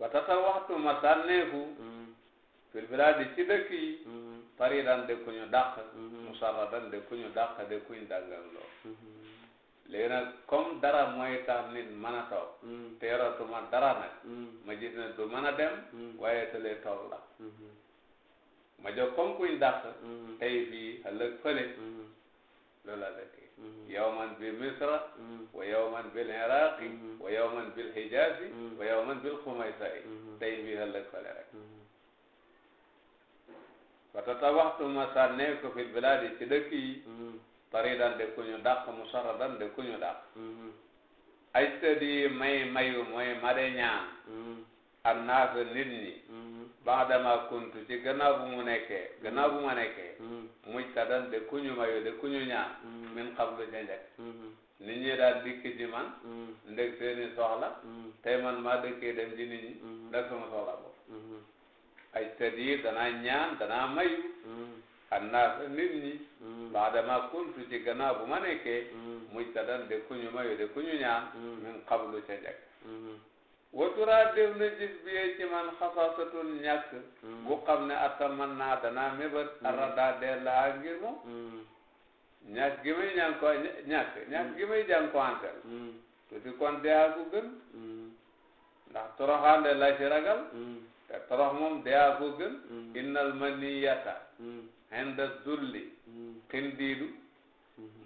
wa tata waxtu ma sànneeku. fil bilaadi ci dëkk yi. tari daan de ku ñu dàq. musarra daan de ku ñu dàq de ku ñu loo. léegi nag dara mooy tax nit mën a toog. dara nag. ma gis ne du mën a dem. waaye tëlee toog la. ma jox comme kuñ dàq. Mm-hmm. tey fii ëllëg fële. Mm-hmm. loolu laa dëkk. Mm-hmm. yawman bi misra. wa yawman bil iraqi. wa yawman bil hijazi. wa yawman bil xumaysai. tey fii ëllëg fële rek. fa tatabaxtu ma sànnee ko fil biladi ci dëkk yi. tari daan de ku ñu dàq musara daan de ku ñu dàq. ajtadi may mayu mooy made ñaan. annaasa nit ñi mm-hmm. baax dama kuntu ci gannaaw bu mu nekkee gannaaw bu ma nekkee mm-hmm. mujtadan de kuñu mayu de kuñu ñaan mm-hmm. min xablu ca njëkk nit ñi daal dikk ci man ndeg seeni soxla tey man maa dëkkee dem ci nit ñi ndax sama soxla boobu ay tëddi danaa ñaan danaa mayu annaasa nit ñi baax dama kuntu ci gannaaw bu ma nekkee mujtadan de kuñu mayu de kuñu ñaan min xablu ca njëkk waturaa def na gis biyee ci man xasaasatul ñàkk bu hmm. xam ne ataman naa danaa mébat hmm. arada dee laa ngir moom hmm. ñàkk gi may ñànko ñàkk ñàkk gi may jànkoantel te di kon deyaa ko gën ndax toroxaande laa ci ragal torox moom deyaa ko gën innal maniyata inda dulli xindiidu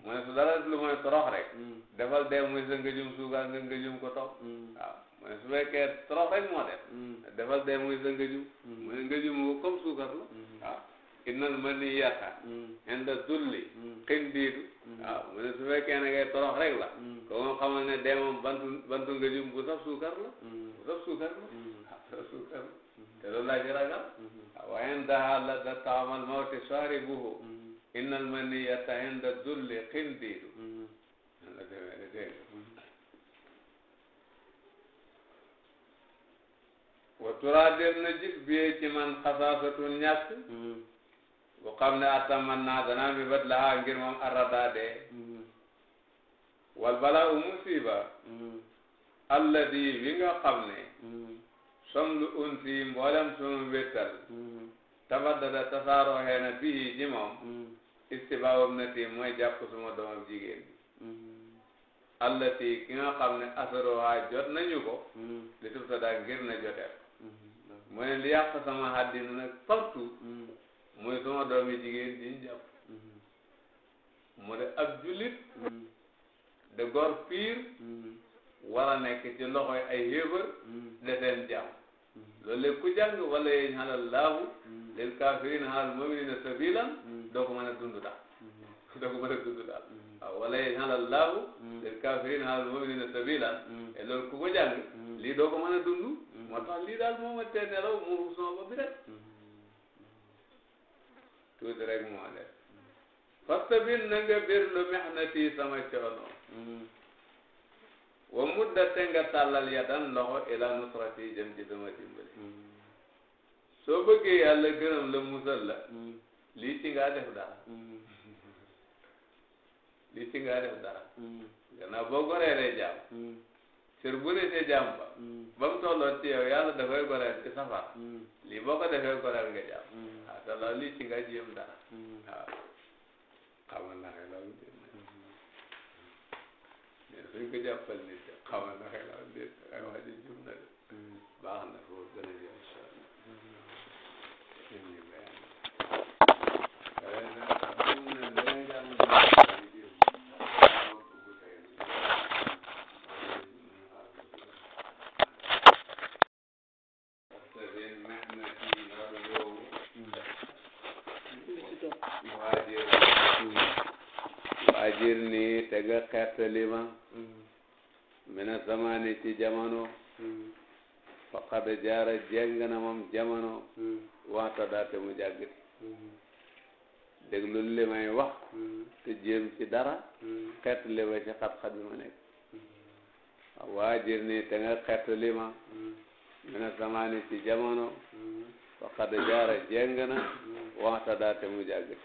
mu su dara lu mooy torox rek defal dee muy sa ngëjum suugaa nga ngëjum ko topp waaw mooy su fekkee trop rek moo def. Hmm. defal dee muy sa ngëju. Hmm. muy mu comme suukar la. waaw hmm. ah. innal maniyata. inda dulli. xindiitu. waaw ah. mu ne su fekkee ne ngay trop rek la. ko moom xamal ne dee bantu bantu ngëju bu saf la. bu saf suukar la. waaw ah, saf suukar la. te loolu laa ci ragal. waaye indaha la da taamal mawti saaribuhu. innal maniyata inda dulli xindiitu. wa na jig biyee ci man xasaasatun ñàkk mm-hmm. bu xam ne ataman naa danaa mi bat lahaa ngir moom arradaa dee mm-hmm. wal balaa u musiba mm-hmm. alladi wi nga xam ne som lu unsi mboolem suma wéttal tabaddada tasaaroo xeena bihi ci moom istibaawam na ti mooy jàpp suma doomam jigéen allati ki nga xam ne asaroo haa jot nañu ko li tub ngir na joteel mu ne li sama àddina nag surtout muy sama doomi jigéen ji ñu jàpp mu ab jullit de góor piir war nekk ci loxoy ay héebar de seen jàmm loolu lépp ku jàng wala yeñ xalal laahu lil kaafirina xalal sabilan doo a dund daal da ko mën mm. a gudd daal. waaw wala yaj'alal laahu mm. lil kaafiriina alal mu'miniina sabiilaa. Mm. et loolu ku ko jàng. lii doo ko a dund. moo tax lii daal moo ma tee nelaw mu ruus sama bopp bi rek. tuuti rek moo def. fastabir na nga bir lu mexnati sama coono. wa muddate nga tàllal yadan loxo ila nusrati jëm ci sama dimbali. soo bëggee yàlla gërëm la musal la. lii ci ngaa def daal. li ci nga dara hmm. gannaaw boo goreeree jaam sër hmm. bu ne ca jaam ba hmm. ba mu tolloo ci yow yàlla dafay goreel ci safar lii boo ko defee goreel nga jaam ah te loolu li ci nga jéem dara waaw ah. xamal na xelal déet mais suñ ko jàppal nit xamal na xelal déet ay wax ji jub na de baax na foofu gën nga xettali ma mina zamani ci jamono faqad jaara jeng na moom jamono waxta daate mu jàggati déglul li may wax te jéem ci dara xettali ma ci xat-xat bi ma nekk waajir ni te nga xettali ma mina zamani ci jamono faqad jaara jeng na waxta daate mu jàggati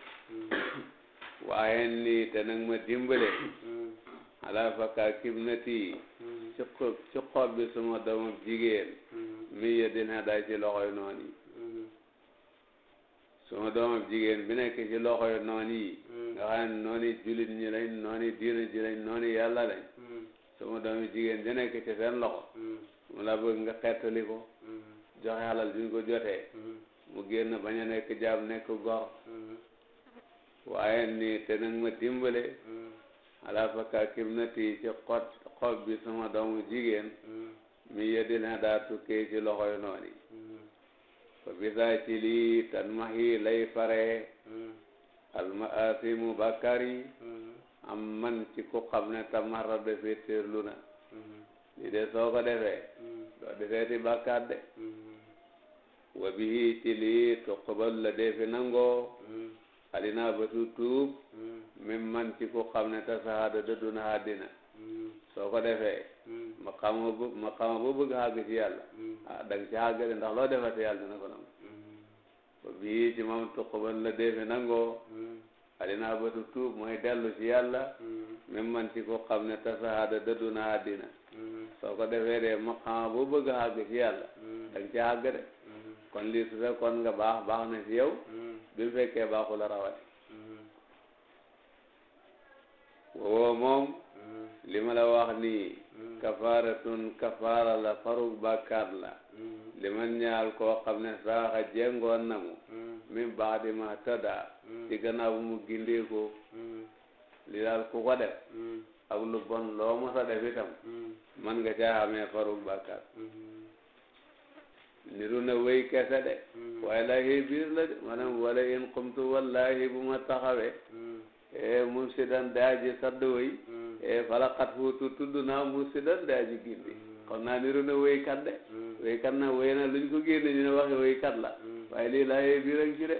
waaye nii te nag ma dimbale ala faka kibnati hmm. ci xob ci xob bi suma doomam jigéen hmm. mi yedina day ci loxoy noon yi hmm. suma doomam jigéen bi nekk ci loxoy noon yi nga xam ne nooni julit ñi lañ nooni diina ji lañ nooni yàlla lañ suma doomi jigéen bi nekk ci seen loxo mu la bëgg nga xettali ko joxe alal bi ko jotee mu génn bañ a nekk jaam nekk gor waaye ni te nag ma dimbale ala fakka kimnati ci xot xob bi sama doomu jigéen mm. mi yedin daa tukkee ci loxoy nooni mm. fa bisaa ci lii tan mahi lay fare mm. almaasimu bakkari am man ci ku xam ne tamarra dafa teerlu na li de soo ko defee doo defee ti bakkaat de wa bihi ci lii tuqbal la defi nangoo alina ba su tuub mi man ci ku xam ne tasahaada dëddu na àddina hmm. soo ko defee hmm. ma xama bu ma xama bëgg àgg ci yàlla hmm. ah da nga ci àggale ndax loo defate yàlla dina ko nangu ba bii ci moom tuquban la deefe nangoo adina batu tuub mooy dellu ci yàlla mi man ci ku xam ne tasahaada dëddu na àddina soo ko defee de ma xama bu bëgg àgg ci yàlla da ci àgg de kon lii su fekkoon nga baax baax na ci yow bi fekkee baaxul a rawati woo moom mm-hmm. li ma la wax nii mm-hmm. kafaaratun kafaara la farug bàkkaar la mm-hmm. li man ñaal koo xam ne saaxa jengoon na mu min baadi ma tada ci gannaaw bu mu gindeekoo li daal ku ko def ak lu bon loo mos def itam man nga caa xamee farug bàkkaar niru na wéy kese de waaye laahi biir la de maanaam wala in qumtu wallahi bu ma taxawee E mursidan daaji saddu way hmm. e fala xat fuutu tudd naa mursidan daaji gindi xam hmm. naa niru na wéykat de hmm. wéykat na wéy na luñ ko génne ñu ne waxe wéykat la waaye lii laa yee biir ci de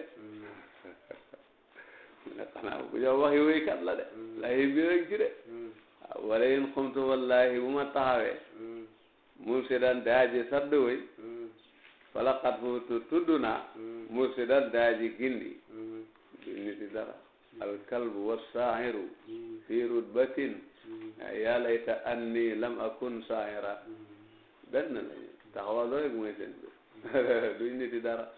ne xanaa bu ñu waxi wéykat la de laa yee biir ci de ah, wala in wallahi bu ma taxawee mursidan daaji saddu way fala xat fuutu tudd naa daaji gindi du niti dara alkalbu wassaahiru fi rutbatin yaa layta anni lam akun saahira benn lañu taxawal rek mooy seen bi duñ niti dara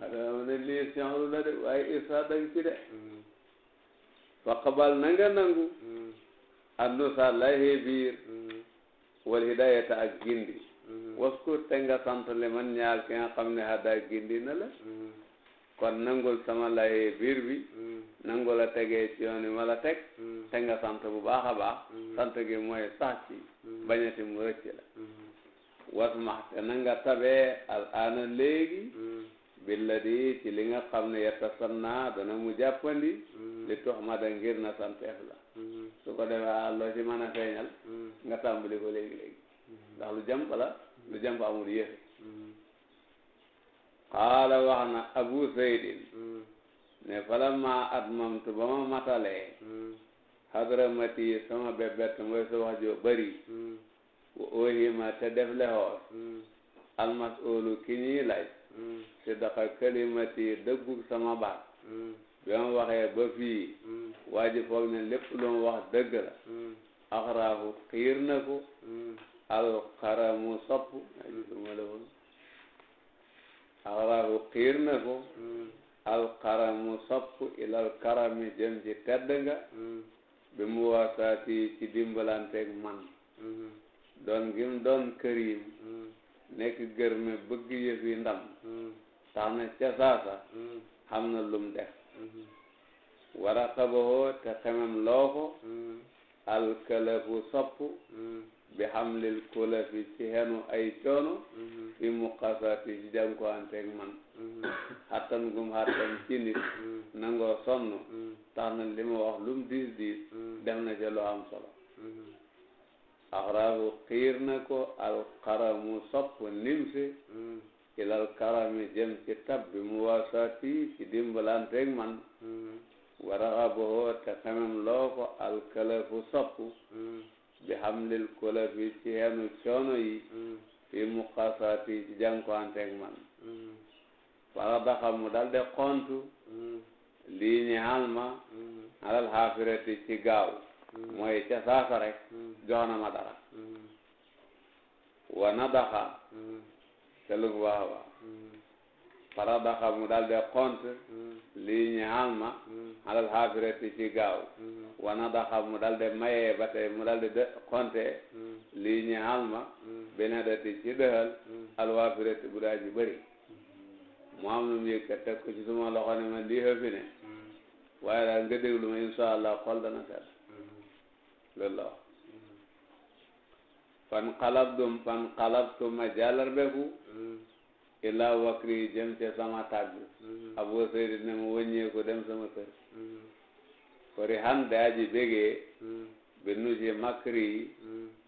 adama ne lii sihru la de waaye isa dañ ci de faqbal na nga nangu annusa lahe biir wal hidayata ak gindi waskur te nga sant le man ñaar ki nga xam ne hada gindi na la kon nangul sama layee biir bi hmm. nangul a tegee ci yoon yi ma la teg hmm. te nga sant bu baax a baax hmm. sant gi mooy sax ci bañati mu rëcc la wasmax te na tabee al aana léegi billa ci li nga xam ne yetta sanna dana mu jàppandi li tox ma da ngir na santeef la su ko defee loo ci mën a feeñal nga tàmbali ko léegi-léegi ndax lu jàmp la lu jàmp amul yéexe xaala wax na abu zaydin hmm. ne falamma atmamtu ba ma matalee hmm. hadramati sama bebet mooy sa wax joo bëri hmm. wa ohima te def lehoos almas'ulu ki ñuy laaj si daxa kalimati dëggug sama baat bi ma waxee ba fii waa foog ne lépp lu ma wax dëgg la axraahu xiir na ko alxaramu sopp ma la woon xawaraahu xiir na ko alxaramu sopp ilal karami jëm ci tedd nga bi mu waasaati ci dimbalanteeg man doon gim doon kërim nekk gërme bëgg yëf yi ndam tax na ca saasa xam na lum def waraqabahoo te xemem loo ko alkalafu sopp bi hamlil kulafi ci henu ay coono fi muqasati ci jànkuwanteeg man xattan gum xattan ci nangoo sonn tax na li ma wax lum diis diis def na ca lu solo axraahu xiir na ko alxaramu sopp nimse ilal karami jëm ci tab bi mu waasaati ci dimbalanteeg man waraxa bohoo te xemem loo ko alkalafu sopp bi hamlil kulafi ci henu coono yi fi muqasaati ci jànkuwanteeg man wala daxa mu dal de xontu lii ñi halma alal xaafirati ci gaaw mooy ca saasa rek jox ma dara wa nadaxa te lu baax faradaxa mm. mm. mm. mu daal de compte lii ñu alma alal xaafirati ci gaaw wanadaxa mu daal de ba tey mu daal de compte lii ñu alma benedati ci dëxal alwaafirati bu daa ji bëri mu lu mu yëg ka teg ci suma loxo ne ma lii xëfi ne waaye daal nga ma insha allah xol dana sedd loolu la wax fan xalabtum fan xalabtum illa wakri yi jëm ca sama tàgg mm-hmm. abu seydi ne mu wëññeeku dem sama kër kori mm-hmm. ham daa ji bégee mm-hmm. bi nu ji makri yi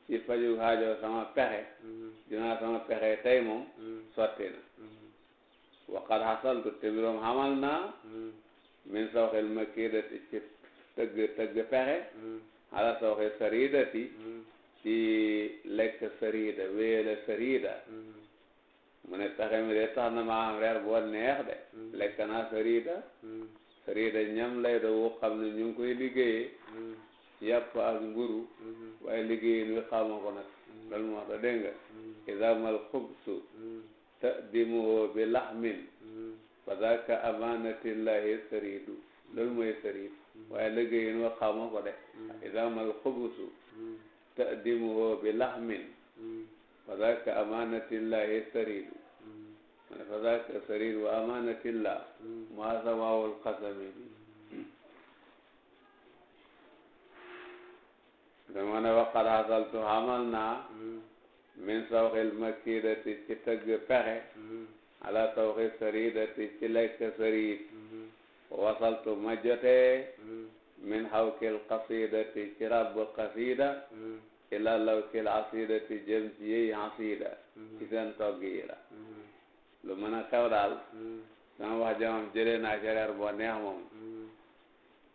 ci faju xaajoo sama pexe dinaa sama pexe tey moom sotti na waqad hasaltu te miroom xamal naa min sawxil makidati ci tëgg tëgg pexe ala sawxil saridati ci lekk sarida wéela sarida mu ne pexe mi de tax na maa am reer boo neex de lekk naa farida farida ñam lay do wu xam ne ñu koy liggéeyee yàpp ak mburu waaye liggéeyin wi xama ko nag loolu moo tax dégg nga isamal xubsu tadimuhu bi laxmin fa daka amanatillahi saridu loolu mooy sarid waaye liggéeyin wi xama ko de isamal xubsu tadimuhu bi laxmin fadaka amanatillahi sariru mane fadaka sarir wa amanatillah maasamaawul xasami dama ne waqad hasaltu xamal naa min sawxil makidati ci tëgg pexe ala sawxi saridati ci lekk sarid wasaltu ma jotee min xawkil qasidati ci rabb qasida ila law kil asidati lu mën a xew daal sama wax jamam jëlee naa ci reer boo neex moom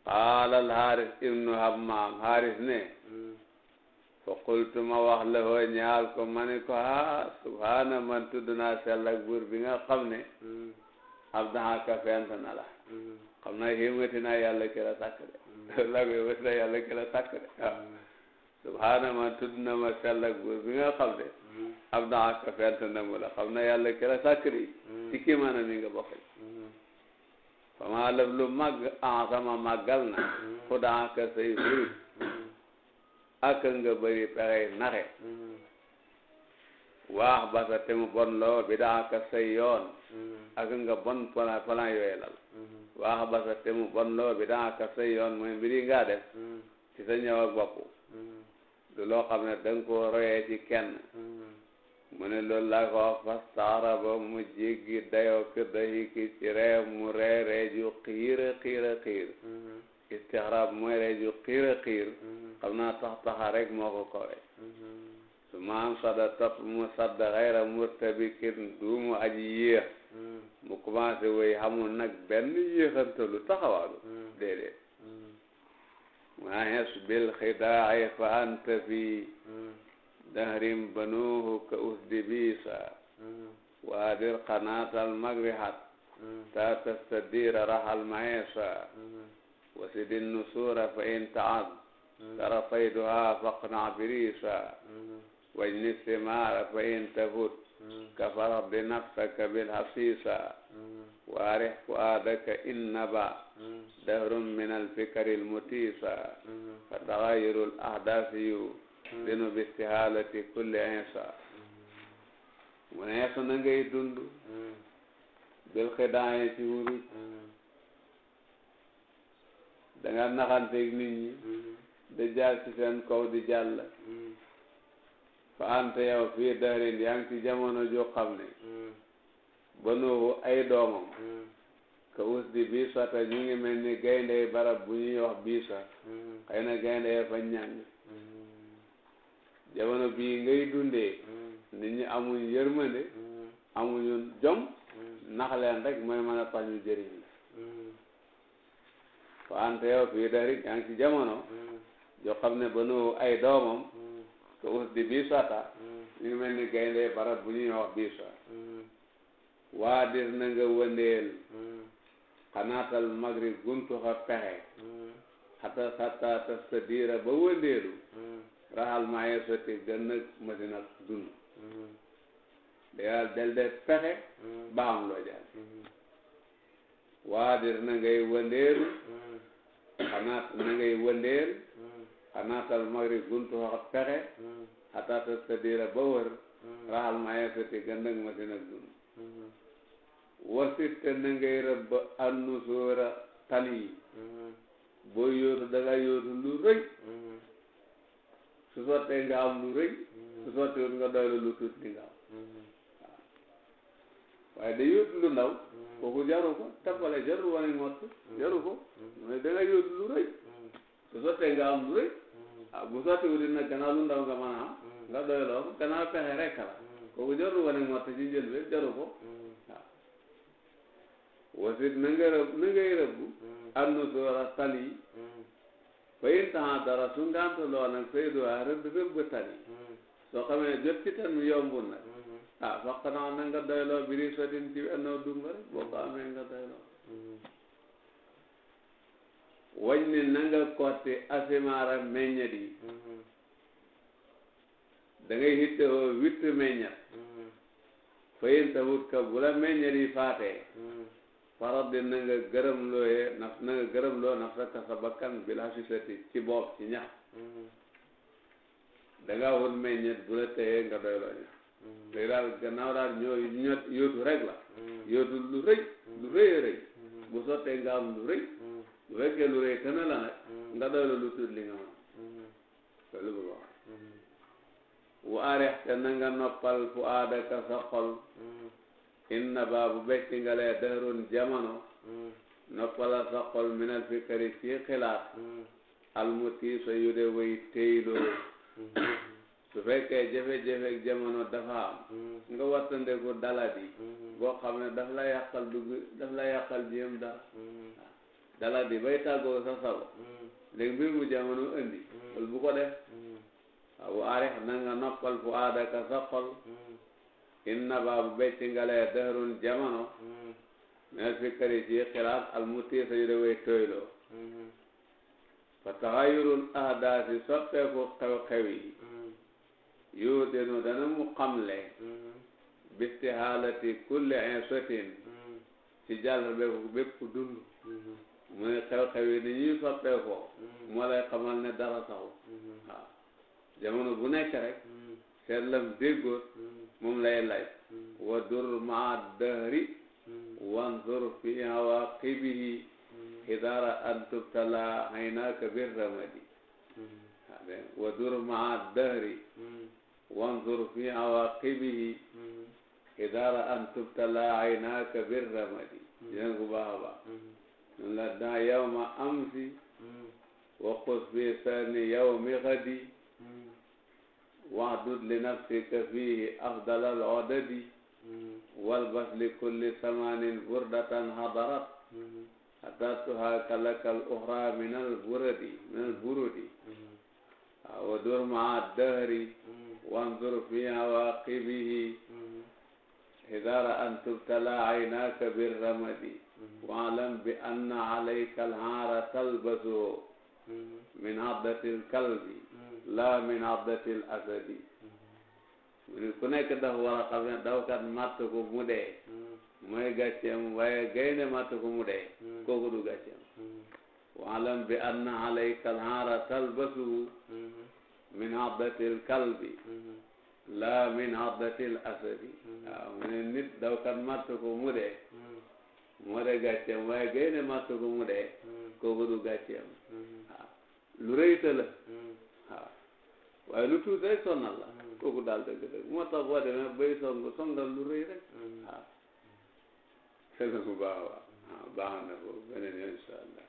qaala al haris ibnu hammam haris ne fa qultu ma wax la hoo ñaal ko ma ni ko haa subhana man tudd naa sell buur bi nga xam ne abdahaka fent na la xam naa xéemati naa yàlla ki la sàkk de laa koy wati naa yàlla ki la sàkk de subhaana ma tudd na ma sell ak nga xam ne ab na ak fent na mu la xam na yàlla ki la sàkk mi mm-hmm. nga bokk mm-hmm. fa maa lëf lu màgg en sama màggal na ku daa ka say suru mm-hmm. ak nga bëri pexey naxe waax ba sa te mu bon loo bi daa ka say yoon ak nga bon plan plan yooyu lal waax ba sa te mu bon loo bi daa ka say yoon mooy mbiri nga def ci sa ñëw ak bopp loo xam ne danga koo royee ci kenn hmm. mu ne laa ko wax fastaara ba mu jéggi dayoo kë dayi ki ci ree mu ree ree ju xiir a xiir a xiir hmm. istixraab mooy ree ju xiir a xiir hmm. xam naa tax taxa rek moo ko kowe su ma am sadda topp mu sadda xayra murtabikin duumu aji yéex mu commencé woy xamul nag benn yéexantalu taxawaalu déedéet ma yasbil xidaa'i fa anta fi dahrin banuuhu ka usdibisa waadir qanaatal magrihat ta tastadira rahal maesa wasidin nusura fa in taad tarafayduha faqna birisa wajni simara fa in tahut kafarad bi nafsaka bilhasisa waarih fuadaka innaba dahrun min alfikaril mutisa fa taxayurul ahdasiyu dinu bistihalati kulli insa mu ne na ngay dund bil xidaaya ci wuruj da nga naxanteeg nit ñi da jaar ci seen kaw di jàll fa ante yow fii dahrin yaa ngi ci jamono joo xam ne ba nuuhu ay doomam hmm. ka us di biisa te ñu ngi mel ni gayndey barab bu yo wax biisa hmm. xëy na gayndey fa ñàng hmm. jamono bii ngay dunde nit ñi amuñ yërmande amuñu jom nax leen rek mooy mën a tax ñu jëriñ fa ante dari yaa ngi ci jamono yoo ne ba nuuhu ay doomam ka us di biisa ta ñu mel ni gayndey barab bu ñuy wax waadir na nga wëndeel xanaatal maghrib guntu a pexe xata xata tas sa ba wëndeelu raxal maaye sotti gën nag madina dund dayal del def pexe ba am loo jàll waadir na ngay wëndeelu xanaat na ngay wëndeel xanaatal maghrib guntu xa pexe hmm. xata tas sa ba wër hmm. raxal maaye sotti gën nag madina dund hmm. wasirte na ngay rëbb annusóora tali yi mm-hmm. boo yóotu da nga yóotu lu rëy mm-hmm. su sottee nga am lu rëy su mm-hmm. sottee nga doy la lu tuuti di nga am waaye ko tappale jaru nga yóotu lu rëy su sottee am lu ah bu sotti wuti nag gannaaw lu nga mën nga doy loo ko gannaaw pexe rekk la kooku jaru wane ngott ci wasit na nga rëbb na ngay rëbb hmm. annu tali hmm. fayin taxan dara su ngantaloo nag fay doora rëbb rëbb tali hmm. soo xamee jot ci tan nag ah faq na nga doyloo biri sotin ci wennoo dunga rek boo ko amee nga doyloo wañ ni na kotti asimaara meññet yi da ngay hittewoo witt meññet fayin tawut ka bu la meññet yi faatee faradi na nga gërëm looyee na nga gërëm loo nafsaka sa bakkan bila sisati ci bopp ci ñax mm-hmm. dangaa wut meññet bu la nga doy loo ñax mm-hmm. léegi daal gannaaw daal ñoo ñot yóotu rek la mm-hmm. yóotu lu rëy lu rëy bu sottee nga am lu rëy bu nga doy loo lu li nga mën wu arex te na nga noppal fu aadaka inna baabu bekki nga lay dahrun jamono hmm. noppala sa xol minal fikari ci xilaat hmm. almutiisa yu de way teyloo hmm. su fekkee jafe-jafe jamono dafa am nga wattandeku daladi boo xam ne daf la yàqal dugg daf la yàqal jéem dara daladi bay tàggoo sa sabo léegi mbir mu jamono indi wala bu ko def waaw noppal fu aadaka sa xol inna baabu béy ci ngale dahrun jamono mel mm-hmm. fi kari ci xiraat al mutii sa yu de way tooyloo mm-hmm. fa taxayurul ahdaasi soppeeku xew-xew yi mm-hmm. yu denu dana mu xamle bistihaalati kulli insatin ci jàll beeku bépp dund mu ne xew-xew yi ni ñuy soppeekoo moo lay xamal ne dara saxu waaw jamono bu nekk rek seet lam déggoot moom lay lay hmm. wa dur ma dahri hmm. wanzur fi awaqibihi xidara hmm. an tubtala aynaka bir ramadi wa dur ma dahri wanzur fi awaqibihi xidara an tubtala aynaka bir ramadi dinañ ko baax a baax ñun la daa yawma amsi wa xus fi sani yawmi xadi wahdud li nafsika fihi afdal al odadi walbas li kulli samanin burdatan hadarat hatta tuhaka laka al uxra min al buradi min al burudi wa dur maa dahri wanzur fi awaqibihi idara an tubtala aynaka birramadi waalam bi anna alayka alhaara talbasuhu min haddati alkalbi laa min abdatil asadi mu ku nekk dafa war a dawkat màtt ko mu dee mooy gàcceem waaye gaynde màtt ko mu dee kooku du gàcceem waalam bi anna alayka alhaara talbasuhu min abdatil kalbi laa min abdatil asadi waaw mu nit dawkat màtt ko mu dee moo de gàcceem gaynde màtt ko mu dee kooku du gàcceem waaw lu la waaw waaye lu tuuti rek sonnal la kooku daal dëgg dëgg moo tax boo demee bay song songal lu rëy rek waaw xëy na bu baax a baax baax na ko beneen yoon incha allah